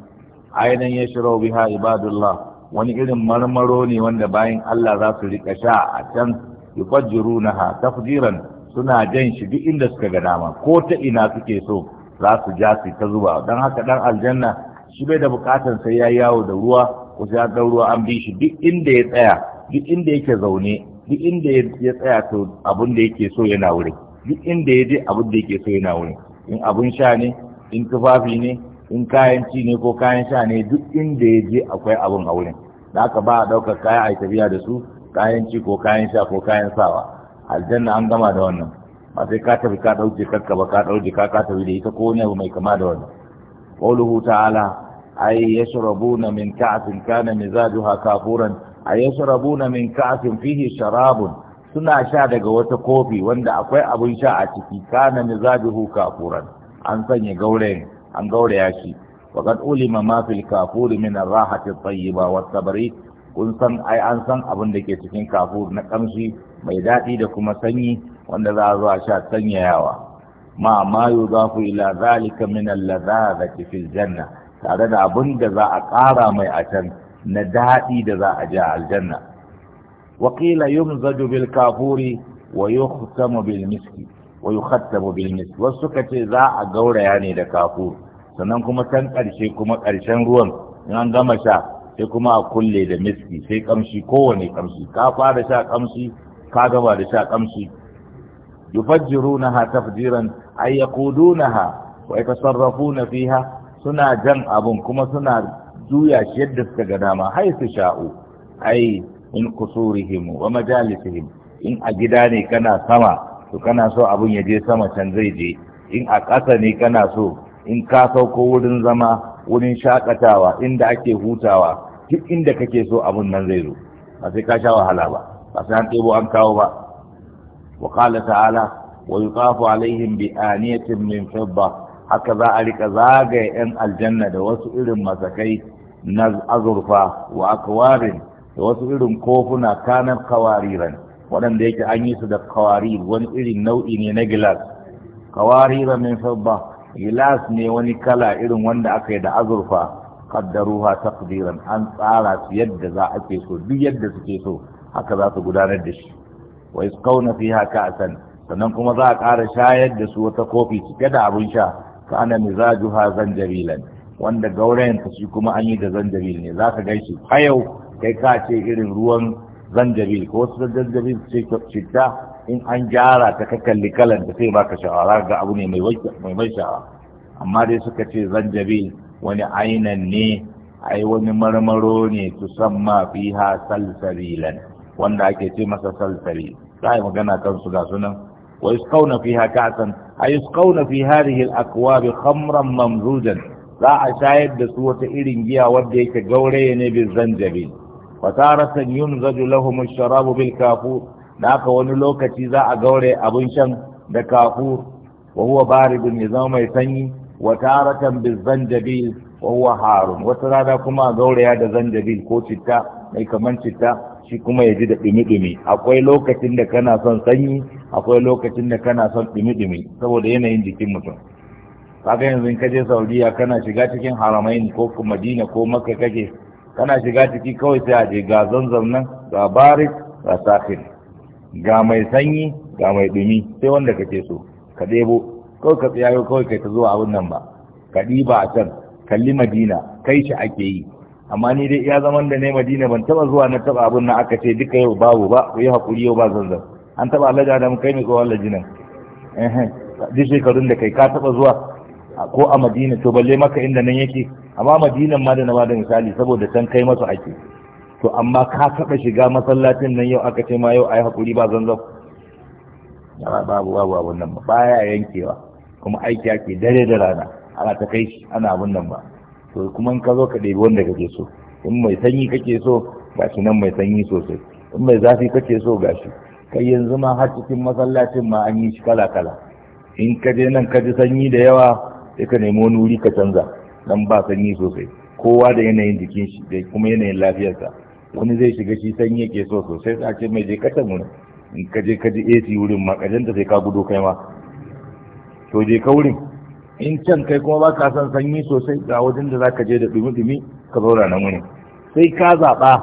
Speaker 1: ainihin ya shirau biha ibadullah wani irin marmaro ne wanda bayan Allah za su riƙa sha a can yufajjirunaha tafjiran suna jan shi duk inda suka ga dama ko ta ina suke so za su ja su ta zuba don haka dan aljanna shi bai da bukatan sai ya yawo da ruwa ko sai ya ruwa an bi shi duk inda ya tsaya duk inda yake zaune duk inda ya tsaya to abin da yake so yana wurin duk inda ya je abin da yake so yana wurin in abun sha ne in tufafi ne in kayan ci ne ko kayan sha ne duk inda ya je akwai abun a wurin da aka ba a ɗaukar kaya a tafiya da su kayan ci ko kayan sha ko kayan sawa aljanna an gama da wannan ba sai ka tafi ka ɗauke karka ba ka ɗauke ka ka tafi da ita ko wani abu mai kama da wannan qawluhu ta'ala ay yashrabuna min ka'sin kana mizajuha kafuran ay yashrabuna min ka'sin fihi sharabun suna sha daga wata kofi wanda akwai abun sha a ciki kana mizajuhu kafuran an sanya gaurayen an ya shi وقد علم kafuri في الكافور من الراحة الطيبة والصبر kun san ai an san abin da ke cikin kafur na kamshi mai daɗi da kuma sanyi wanda za a zo a sha sanyayawa ma ma yuzafu ila zalika min alladhati fil janna tare da abin da za a ƙara mai a can na daɗi da za a ji aljanna Wakila qila yumzaju bil kafuri wa yukhtamu bil miski wa yukhattabu bil mis wasu suka ce za a gauraya ne da kafu sannan kuma can ƙarshe kuma ƙarshen ruwan in gama sha sai kuma a kulle da miski sai kamshi kowane kamshi ka fara sha kamshi ka gama da sha kamshi yufajjirunaha tafjiran ay yaqudunaha wa yatasarrafuna fiha suna jan abun kuma suna juya shi yadda suka ga dama hai su sha'u ai in kusurihim wa majalisihim in a gida ne kana sama to kana so abun ya je sama can zai je in a ƙasa ne kana so in ka sauko wurin zama wurin shakatawa inda ake hutawa duk inda kake so abun nan zai zo ba sai ka sha wahala ba ba sai an ɗebo an kawo ba wa qala ta'ala wa yuqafu alaihim bi aniyatin min fidda haka za a rika zagaye yan aljanna da wasu irin masakai na azurfa wa akwarin da wasu irin kofuna kanar kawariran waɗanda yake an yi su da kawari wani irin nau'i ne na gilas kawari ba min fabba gilas ne wani kala irin wanda aka yi da azurfa kaddaruha takdiran an tsara su yadda za a ke so duk yadda suke so haka za su gudanar da shi wa haka fiha ka'san sannan kuma za a ƙara shayar da su wata kofi cike da abin sha mizaju mizajuha zanjabilan wanda gaurayen ta shi kuma an yi da zanjabil ne za ka gaishe hayau kai ka ce irin ruwan zanjabil ko wasu zanjabil sai citta in an gyara ta ka kalli kalan ta sai baka sha'awa ga abu ne mai mai sha'awa amma dai suka ce zanjabil wani ainan ne ai wani marmaro ne su san samma fiha salsabilan wanda ake ce masa salsari, za yi magana kansu ga sunan wai wa yusqawna fiha ka'san su yusqawna fi hadhihi al-akwab khamran mamzujan za a shayar da su wata irin giya wadda yake gauraye ne bi zanjabil wa taratan yumzaju lahum sharabu bil da aka wani lokaci za a gaure abin shan da kafur wa huwa baridun ya zama mai sanyi wa taratan bil zanjabil wa huwa harun wata rana kuma a gauraya da zanjabil ko citta mai kaman citta shi kuma ya ji da ɗumi-ɗumi akwai lokacin da kana son sanyi akwai lokacin da kana son ɗumi-ɗumi saboda yanayin jikin mutum kaga yanzu in ka je saudiya kana shiga cikin haramain ko madina ko makka kake kana shiga ciki kawai sai a je ga zanzan nan ga barik ga safir ga mai sanyi ga mai dumi sai wanda kake so ka ɗebo kawai ka tsayayo kawai kai ta zo a wannan ba ka ɗiba a can kalli madina kai shi ake yi amma ni dai ya zaman da ne madina ban taba zuwa na taba abin nan aka ce duka yau babu ba ku yi haƙuri yau ba zanzan an taba alaja da mu kai ne ko alaji nan duk shekarun da kai ka taba zuwa ko a madina to balle maka inda nan yake amma madinan ma da na bada misali saboda san kai masu ake to amma ka taba shiga masallacin nan yau aka ce ma yau ai hakuri ba zanzan babu babu abun nan ba ya yankewa kuma aiki yake dare da rana ana ta kai shi ana abun nan ba to kuma in ka zo ka ɗebi wanda kake so in mai sanyi kake so shi nan mai sanyi sosai in mai zafi kake so gashi kai yanzu ma har cikin masallacin ma an yi shi kala kala in ka je nan ka ji sanyi da yawa sai ka nemi wani wuri ka canza dan ba sanyi sosai kowa da yanayin jikin shi da kuma yanayin lafiyarsa wani zai shiga shi sanyi yake so sosai sai a ce mai je kacan mu in ka je ka ji AC wurin ma janta sai ka gudo kai ma to je ka wurin in can kai kuma ba ka son sanyi sosai ga wajen da zaka je da dumi-dumi ka zauna nan wurin sai ka zaɓa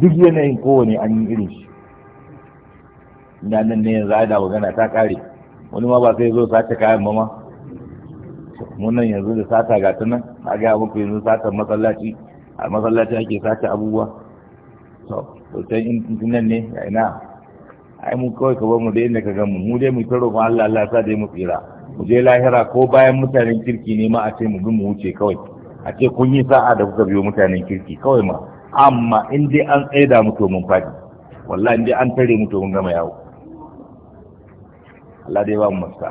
Speaker 1: duk yanayin kowane an yi irin shi ina nan ne yanzu da magana ta ƙare wani ma ba sai zo sace kayan ba ma munan yanzu da sata ga tunan a ga ke yanzu sata masallaci a masallaci ake sata abubuwa to hoton intinan ne ya ina ai mu kawai ka mu dai inda ka gan mu Mu dai mu ta roƙon Allah Allah sa dai mu tsira mu je lahira ko bayan mutanen kirki ne ma a ce mu bin mu wuce kawai a ce kun yi sa'a da kuka biyo mutanen kirki kawai ma amma in dai an tsaida mu to mun fadi wallahi in dai an tare mu to mun gama yawo Allah dai ba mu masta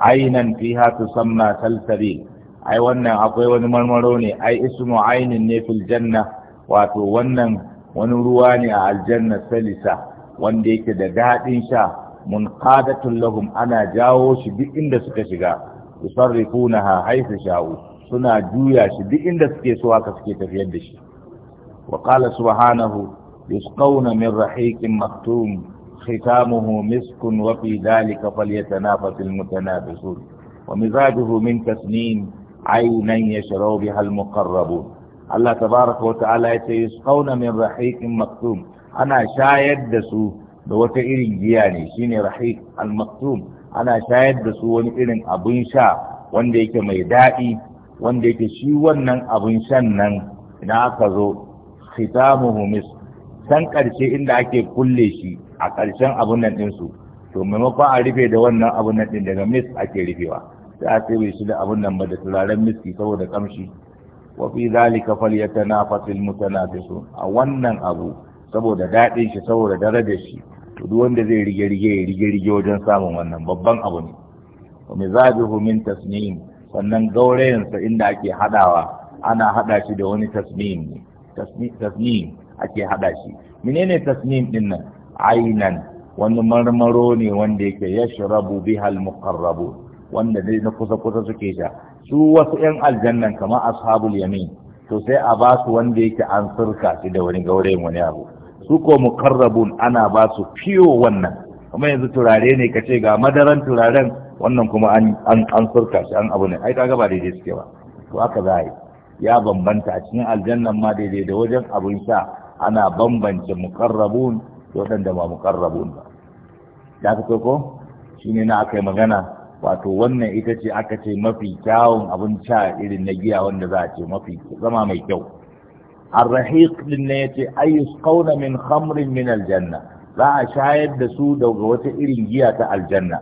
Speaker 1: ainan fiha tusamma salsabil ai wannan akwai wani marmaro ne ai ismu ainin ne fil janna wato wannan wani ruwa ne a aljanna salisa wanda yake da daɗin sha munqadatun lahum ana jawo shi duk inda suka shiga yusarrifunaha haythu sha'u suna juya shi duk inda suke so haka suke tafiyar da shi wa qala subhanahu yusqawna min rahiqin maktum ختامه مسك وفي ذلك فليتنافس المتنافسون ومزاجه من تسنيم عينا يشرب بها المقربون الله تبارك وتعالى يسقون من رحيق مكتوم أنا شايد دسو دوت إرين جياني شيني رحيق المكتوم أنا شايد دسو وني إرين أبن شا wanda yake mai daɗi wanda yake shi wannan abin shan nan idan aka zo khitamuhu san ƙarshe inda ake kulle shi a ƙarshen abun nan ɗinsu to maimakon a rufe da wannan abun nan ɗin daga mis ake rufewa sai a bai shi da abun nan ba da turaren miski saboda kamshi wa fi zalika falyatanafasul mutanafisun a wannan abu saboda daɗin shi saboda darajar shi to duk wanda zai rige rige ya rige rige wajen samun wannan babban abu ne wa mizajuhu min tasnim sannan sa inda ake hadawa ana hada shi da wani tasnim ne tasnim ake hada shi menene tasnim din nan ainan wani marmaro ne wanda yake yashrabu biha bihal mukarrabu, wanda dai na kusa kusa suke sha su wasu yan aljannan kama ashabul yamin to sai a ba su wanda yake an sirka shi da wani gaure wani abu su ko mukarrabun ana ba su fiyo wannan kuma yanzu turare ne kace ga madaran turaren wannan kuma an an sirka shi an abu ne ai kaga ba daidai suke ba to haka za yi ya bambanta a cikin aljannan ma daidai da wajen abin sha ana bambance mukarrabun. waɗanda ba muqarrabun ba da aka ko ne na aka yi magana wato wannan ita ce aka ce mafi kyawun abin sha irin na giya wanda za a ce mafi zama mai kyau arrahiq din ne yace ce, qawna min khamrin min aljanna za a shayar da su daga wata irin giya ta aljanna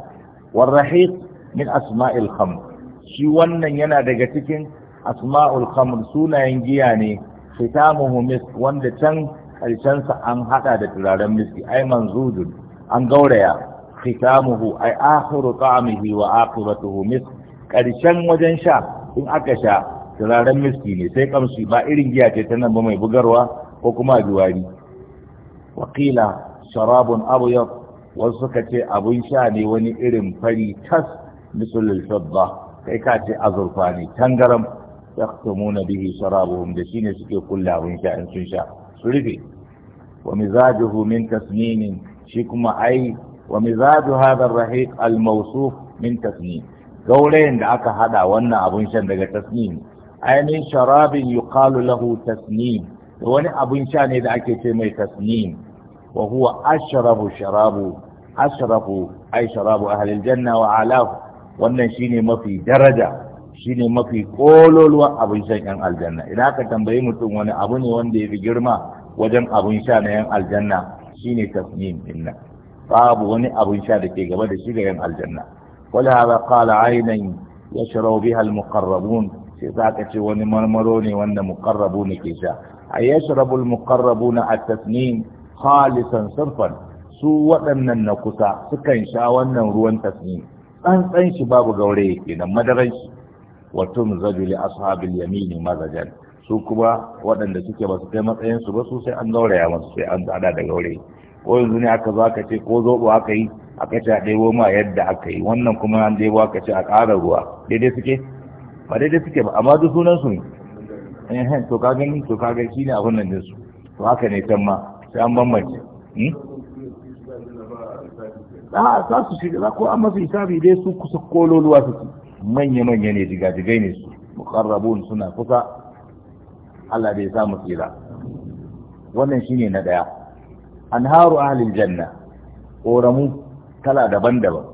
Speaker 1: warrahiq min asma'il khamr shi wannan yana daga cikin asma'ul khamr sunayen giya ne khitamuhu misk wanda can sa an haɗa da turaren miski ai manzudun an gauraya khitamuhu ai akhiru ta'amihi wa akhiratuhu misk ƙarshen wajen sha in aka sha turaren miski ne sai kamshi ba irin giya ce ta nan ba mai bugarwa ko kuma juwari wakila sharabun abu wasu suka ce abun sha ne wani irin fari tas misalul fadda kai ka ce azurfa ne tangaram yaqtumuna bihi sharabuhum da shine suke kulla abin sha in sun sha su rufe wa mizajuhu min tasnimin shi kuma ai wa mizaju hadha rahiq al mawsuf min tasnim gaurayen da aka hada wannan abun shan daga tasnim ainihin sharabin yuqalu lahu tasnim da wani abun sha ne da ake ce mai tasnim wa huwa ashrabu sharabu ashrabu ai sharabu ahli aljanna wa alaf wannan shine mafi daraja shine mafi kololuwa abun shan yan aljanna idan aka tambayi mutum wani abu ne wanda ya fi girma wajen abun sha na yan aljanna shine tasmin dinna babu wani abun sha da ke gaba da shi ga yan aljanna wala hada qala aynan yashrabu biha almuqarrabun sai zaka ce wani marmaro ne wanda muqarrabu ne ke sha ay yashrabu almuqarrabuna at tasmin khalisan sirfan su waɗannan na kusa sukan sha wannan ruwan tasmin dan dan shi babu gaure kenan madaran shi wa tumzaju li ashabil yamin madajan su kuma waɗanda suke ba su kai matsayin su ba su sai an ya masu sai an tsada da gaure ko yanzu ne aka zaka ce ko zobo aka yi aka ce a ɗebo ma yadda aka yi wannan kuma an ɗebo aka ce a ƙara ruwa daidai suke ba daidai suke ba amma duk sunan su ne to ka gani to ka gani shine abin nan dinsu to haka ne can ma sai an bambance hmm? a ah, za su shiga za ko an masu hisabi dai su kusa kololuwa su manya-manya ne diga-digai ne su mukarrabun suna kusa Allah bai mu tsira wannan shine na daya anharu ahli janna oramu kala daban-daban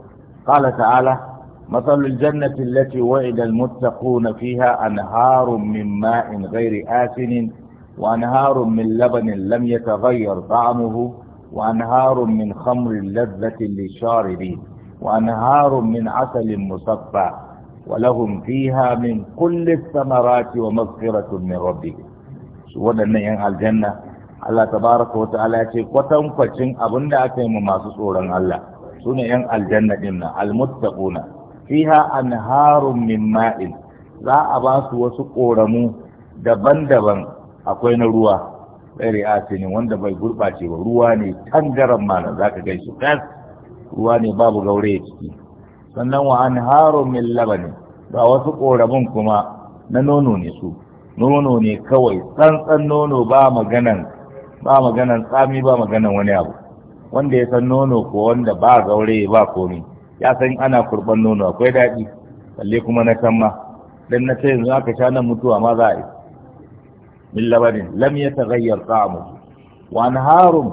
Speaker 1: qala ta'ala مثل الجنة التي وعد المتقون فيها أنهار من ماء غير آسن وأنهار من لبن لم يتغير طعمه وأنهار من خمر لذة للشاربين وأنهار من عسل مصفى ولهم فيها من كل الثمرات ومغفرة من ربهم su waɗannan yan aljanna Allah ta tabaraka wa ta'ala ya ce kwatankwacin abin da aka yi mu masu tsoron Allah su ne yan aljanna din na. almuttaquna fiha anharun min ma'in za a ba su wasu ƙoramu daban-daban akwai na ruwa ce asini wanda bai gurɓace ba ruwa ne tangaran mana za ka gaisu kas ruwa ne babu gaure ciki sannan wa an min labani ba wasu ƙoramun kuma na nono ne su nono ne kawai tsantsan nono ba maganan ba maganan tsami ba maganan wani abu wanda ya san nono ko wanda ba gaure ba komi ya san ana kurban nono akwai daɗi balle kuma na can ma dan na sai yanzu aka sha nan mutuwa ma za a yi min labarin lam ya ta'amu wa anharum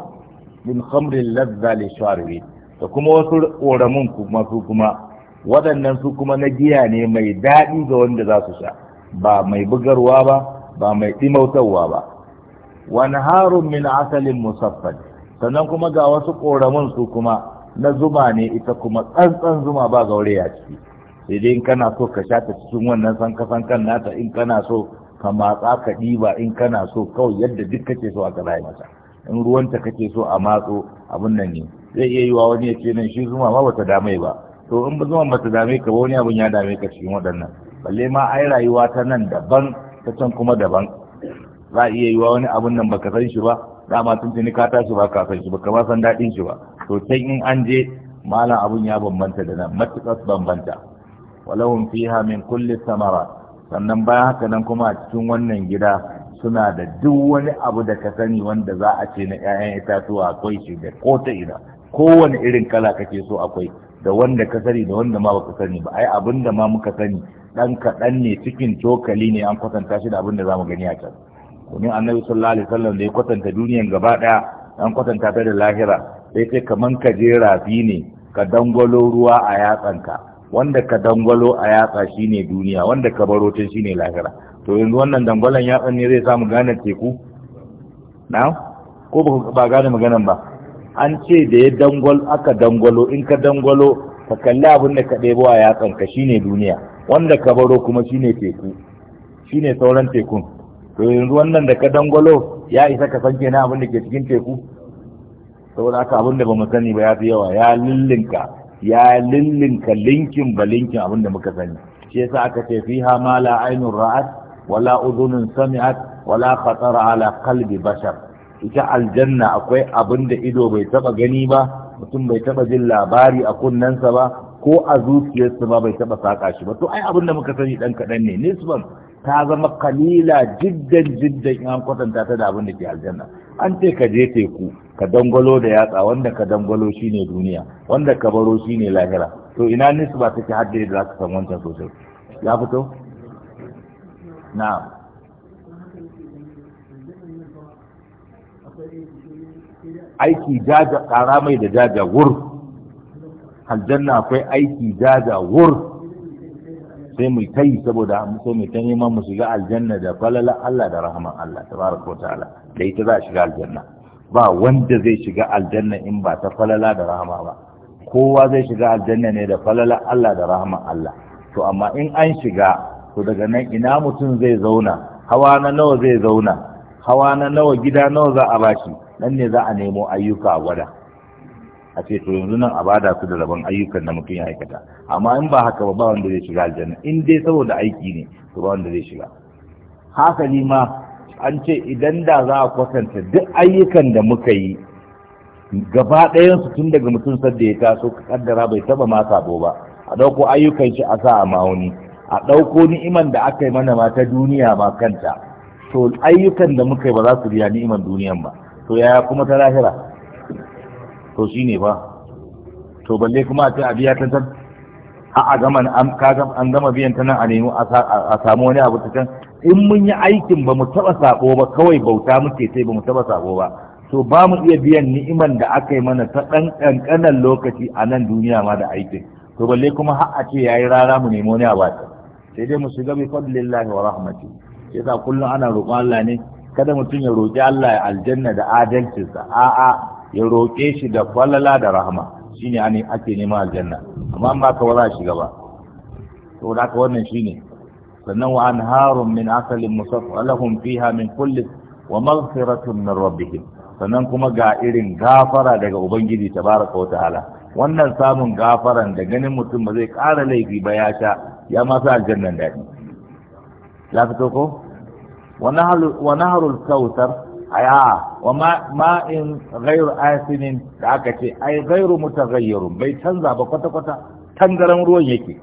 Speaker 1: min khamrin ladza li sharibi da kuma wasu koramun kuma su kuma waɗannan su kuma na giya ne mai daɗi ga wanda za su sha ba mai bugarwa ba ba mai ɗimautarwa ba wani harun min asalin musaffad sannan kuma ga wasu koramin su kuma na zuma ne ita kuma tsantsan zuma ba gaure ya ciki sai in kana so ka sha ta cikin wannan sankasan kan nata in kana so ka matsa ka diba in kana so kawai yadda duk kake so aka rayu mata in ruwanta kake so a matso abin nan ne zai iya yi wa wani ya ce nan shi zuma ma bata dame ba to in zuma bata dame ka ba wani abin ya dame ka cikin waɗannan balle ma ai rayuwa ta nan daban ta can kuma daban za a iya yi wa wani abun nan baka san shi ba dama tun tuni ka tashi ba ka san shi ba ka san daɗin shi ba to can in an je malam abun ya bambanta da nan matuƙas bambanta walahum fiha min kulli samara sannan bayan haka nan kuma a cikin wannan gida suna da duk wani abu da ka sani wanda za a ce na 'ya'yan itatuwa akwai shi da ko ta ina kowane irin kala kake so akwai da wanda ka sani da wanda ma baka sani ba ai abinda ma muka sani dan kaɗan ne cikin cokali ne an kwatanta shi da abin da zamu gani a can domin annabi sallallahu alaihi wasallam da ya kwatanta duniyar gaba daya an kwatanta ta da lahira sai sai kaman ka je rafi ne ka dangwalo ruwa a yatsanka wanda ka dangwalo a yatsa shine duniya wanda ka baro tun shine lahira to yanzu wannan dangwalon yatsan ne zai samu gane teku na ko ba gane maganan ba an ce da ya dangwalo aka dangwalo in ka dangwalo ka kalli abin da ka ɗebo a yatsan ka shine duniya wanda ka baro kuma shine teku shine sauran tekun to yanzu wannan da ka dangwalo ya isa ka san kenan abin da ke cikin teku saboda haka abin da ba mu sani ba ya fi yawa ya lillinka ya lillinka linkin ba linkin abin da muka sani shi yasa aka ce fi ha mala ainun ra'at wala uzunin sami'at wala khatara ala qalbi bashar ita aljanna akwai abin da ido bai taba gani ba mutum bai taba jin labari a kunnensa ba ko a zuciyarsa ba bai taba saka shi ba to ai abin da muka sani dan kadan ne nisban ta zama kalila jiddan jiddan in an kwatanta ta da abin da ke aljanna an ce ka je teku ka dangwalo da yatsa wanda ka dangwalo shine duniya wanda ka baro shine lahira to ina nisba take haddai da zaka san wancan sosai ya fito na'am aiki jaja ƙara mai da jaja wur aljanna akwai aiki jaja wur sai mu kai saboda mu so mu ta mu shiga aljanna da falala Allah da rahman Allah tabaraka wataala da ita za a shiga aljanna ba wanda zai shiga aljanna in ba ta falala da rahama ba kowa zai shiga aljanna ne da falala Allah da rahman Allah to amma in an shiga to daga nan ina mutum zai zauna hawa na nawa zai zauna hawa na nawa gida nawa za a bashi nan ne za a nemo ayyuka a gwada a ce to yanzu nan a bada su da rabon ayyukan da mutum ya aikata amma in ba haka ba ba wanda zai shiga aljanna in dai saboda aiki ne to ba wanda zai shiga ni ma an ce idan da za a kwatanta duk ayyukan da muka yi gaba ɗayansu tun daga mutum sadda ya taso kaddara bai taba ma sabo ba a ɗauko ayyukan shi a sa a ma'auni a ɗauko ni'iman da aka yi mana ma ta duniya ma kanta to ayyukan da muka yi ba za su biya ni'iman duniyan ba to ya kuma ta lahira to shi ne ba to balle kuma a ce a biya ta can a gama an gama biyan ta nan a nemi a samu wani abu ta can in mun yi aikin ba mu taɓa sako ba kawai bauta muke sai ba mu taɓa sako ba to ba mu iya biyan ni'iman da aka yi mana ta ɗan ƙanƙanan lokaci a nan duniya ma da aikin to balle kuma har a ce yayi rara mu nemi wani abu sai dai mu shiga bi fadlillahi wa rahmati yasa kullum ana roƙon Allah ne kada mutum ya roƙi Allah ya aljanna da adalcinsa a'a ya roƙe shi da kwallala da rahama shine ne ake nema aljanna amma an baka wala shiga ba to da ka wannan shine sannan wa anharun min asalin musaffa lahum fiha min kulli wa maghfiratun min rabbihim sannan kuma ga irin gafara daga ubangiji ta tabaraka hala? wannan samun gafaran da ganin mutum ba zai ƙara laifi ba ya sha ya masa aljannan daɗi ya fito ko wa naharul kautar aya wa ma'in ghairu asinin da aka ce ai ghairu mutaghayyirun bai canza ba kwata kwata tangaran ruwan yake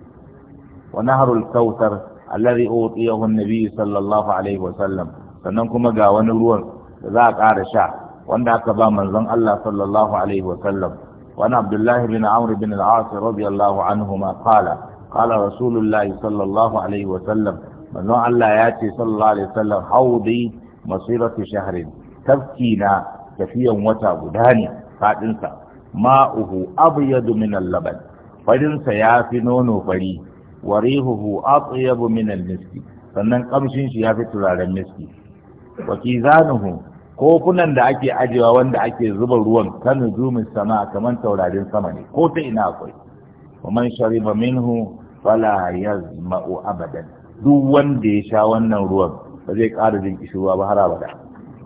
Speaker 1: wa naharul kautar alladhi utiyahu an-nabi sallallahu alaihi wa sallam sannan kuma ga wani ruwan da za a ƙara sha wanda aka ba manzon Allah sallallahu alaihi wa sallam وعن عبد الله بن عمرو بن العاص رضي الله عنهما قال قال رسول الله صلى الله عليه وسلم manzon Allah ya ce sallallahu alaihi wasallam haudi masiratu shahrin tafki na tafiyan wata guda ne fadin sa ma'uhu abyadu min al-laban fadin sa ya fi nono fari warihuhu atyabu min al-miski sannan kamshin shi ya fi turaren miski wa kizanuhu kofunan da ake ajewa wanda ake zuba ruwan kan nujumin sama kamar taurarin sama ne ko ta ina akwai wa man shariba minhu fala yazma'u abadan duk wanda ya sha wannan ruwan ba zai ƙara jin ruwa ba har abada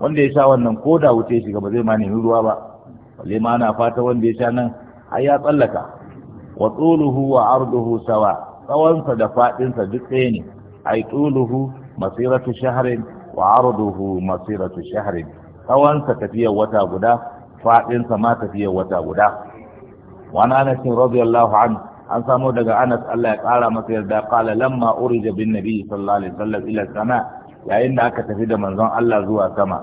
Speaker 1: wanda ya sha wannan ko da wuce shiga ba zai ma nemi ruwa ba balle ma na fata wanda ya sha nan ai ya tsallaka wa tsuluhu wa arduhu sawa tsawonsa da faɗinsa duk ɗaya ne ai tsuluhu masiratu shaharin wa arduhu masiratu shaharin tsawonsa tafiyar wata guda faɗinsa ma tafiyar wata guda wa انس رضي radiyallahu anhu an samu daga Anas Allah ya kara masa yarda qala lamma da bin nabi sallallahu alaihi wasallam ila sama yayin da aka tafi da manzon Allah zuwa sama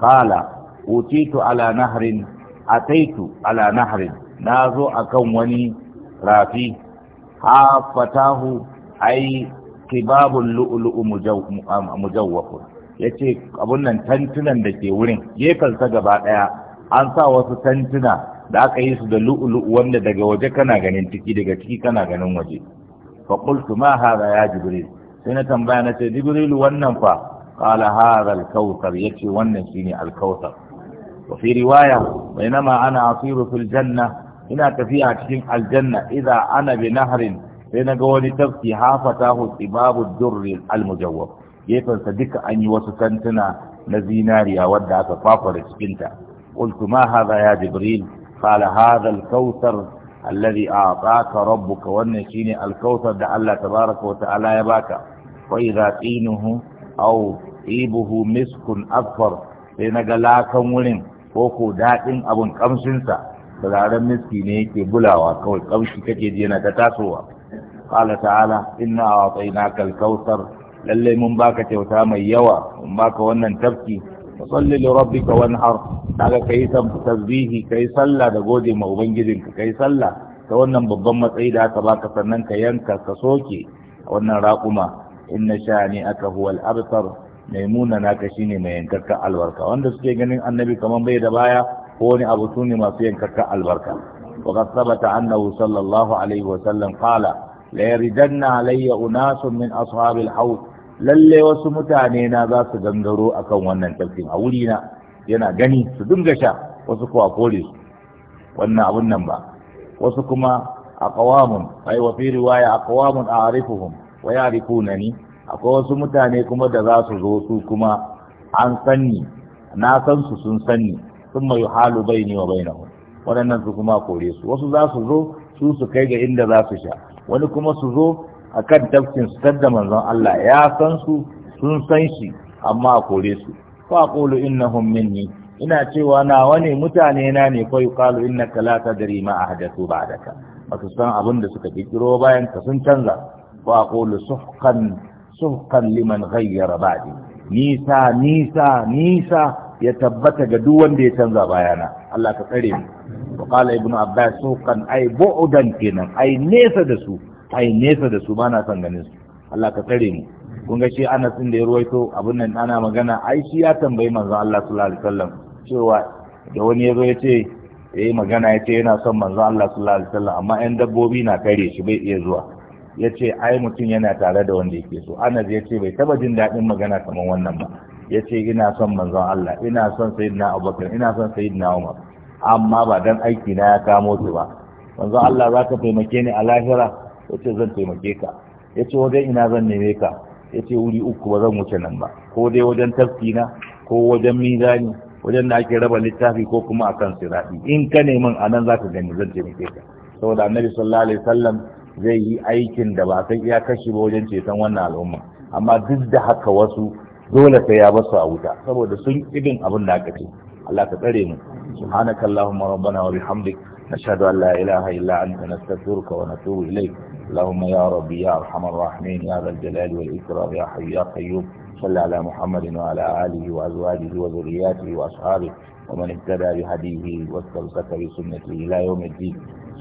Speaker 1: Kala, utitu ala nahrin ataitu ala nahrin a akan wani rafi hafatahu ai kibabul lu'lu'u mujawwaf yace abun nan tantunan da ke wurin gefen sa gaba daya an sa wasu tantuna da aka yi su da lu'u-lu'u wanda daga waje kana ganin ciki daga ciki kana ganin waje fa qultu ma hadha ya jibril sai na tambaya na ce jibril wannan fa qala hadha al-kautsar yace wannan shine al-kautsar wa fi riwaya bainama ana asiru fil janna ina tafiya cikin aljanna idza ana bi nahrin sai na ga wani tafki hafatahu babu durri al-mujawwab gefensa duka an yi wasu tantuna na zinariya wadda aka fafara cikinta qultu ma ya jibril قال هذا الكوثر الذي أعطاك ربك والنشين الكوثر دع الله تبارك وتعالى يباك وإذا طينه أو طيبه مسك أكفر لأنك لا كمولين koko daɗin abun ƙamshinsa turaren miski ne yake bulawa kawai ƙamshi kake ji ta tasowa qala ta'ala inna a'tainaka al-kautsar lalle mun baka kyauta mai yawa mun baka wannan tafki fasalli li rabbika wanhar kaga kai tasbihi kai sallah da gode ma ubangijinka kai sallah ta wannan babban matsayi da aka baka sannan ka yanka ka soke wannan raƙuma inna sha'ani aka huwal abtar maimuna naka shine mai yankakka albarka wanda suke ganin annabi kamar bai da baya ko wani abu sune masu yankakka albarka wa qad thabata annahu sallallahu alaihi wa sallam qala la yaridanna alayya unasun min ashabil hawd lalle wasu mutane na za su gangaro akan wannan tafkin a wuri na yana gani su dinga sha wasu kuwa kore su wannan abun nan ba wasu kuma a aqwamun ay wa fi riwaya aqwamun a'rifuhum wa na ni? akwai wasu mutane kuma da za su zo su kuma an sanni na san su sun sanni sun mai halu bai ni wa bai bainahum waɗannan su kuma kore su wasu za su zo su su kai ga inda za su sha wani kuma su zo akan tafkin su da manzon Allah ya san su sun san shi amma a kore su fa qulu innahum minni ina cewa nawa ne mutane na ne fa yuqalu innaka la tadri ma ahdathu ba'daka wato san abin da suka kikiro bayan ka sun canza fa qulu suhqan suhqan liman ghayyara ba'di nisa nisa nisa ya tabbata ga duk wanda ya canza bayana Allah ka tsare mu wa qala ibnu abbas sukan ay bu'dan kenan ay nesa da su ai nesa da su bana son ganin su Allah ka tsare mu kun ga shi Anas din da ya ruwaito abin nan ana magana ai shi ya tambayi manzon Allah sallallahu alaihi wasallam cewa da wani ya zo ya ce yi magana ya ce yana son manzon Allah sallallahu alaihi wasallam amma ƴan dabbobi na kare shi bai iya zuwa ya ce ai mutum yana tare da wanda yake so Anas ya ce bai taba jin daɗin magana kamar wannan ba ya ce ina son manzon Allah ina son sayyidina Abubakar ina son sayyidina Umar amma ba dan aiki na ya kamo su ba manzon Allah za ka taimake ni a lahira ya ce zan taimake ka ya ce wajen ina zan neme ka ya ce wuri uku ba zan wuce nan ba ko dai wajen tafkina ko wajen mizani wajen da ake raba littafi ko kuma akan sirati in ka neman a nan za ka gani zan taimake ka saboda annabi sallallahu alaihi wasallam zai yi aikin da ba san iya kashi ba wajen ceton wannan al'umma amma duk da haka wasu dole sai ya basu a wuta saboda sun irin abin da aka ce Allah ka tsare mu subhanakallahumma rabbana wa bihamdika نشهد أن لا إله إلا أنت نستغفرك ونتوب إليك اللهم يا ربي يا أرحم الراحمين يا ذا الجلال والإكرام يا حي يا قيوم صل على محمد وعلى آله وأزواجه وذرياته وأصحابه ومن اهتدى بهديه واستمسك بسنته إلى يوم الدين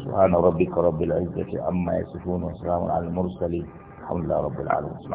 Speaker 1: سبحان ربك رب العزة عما يصفون وسلام على المرسلين الحمد لله رب العالمين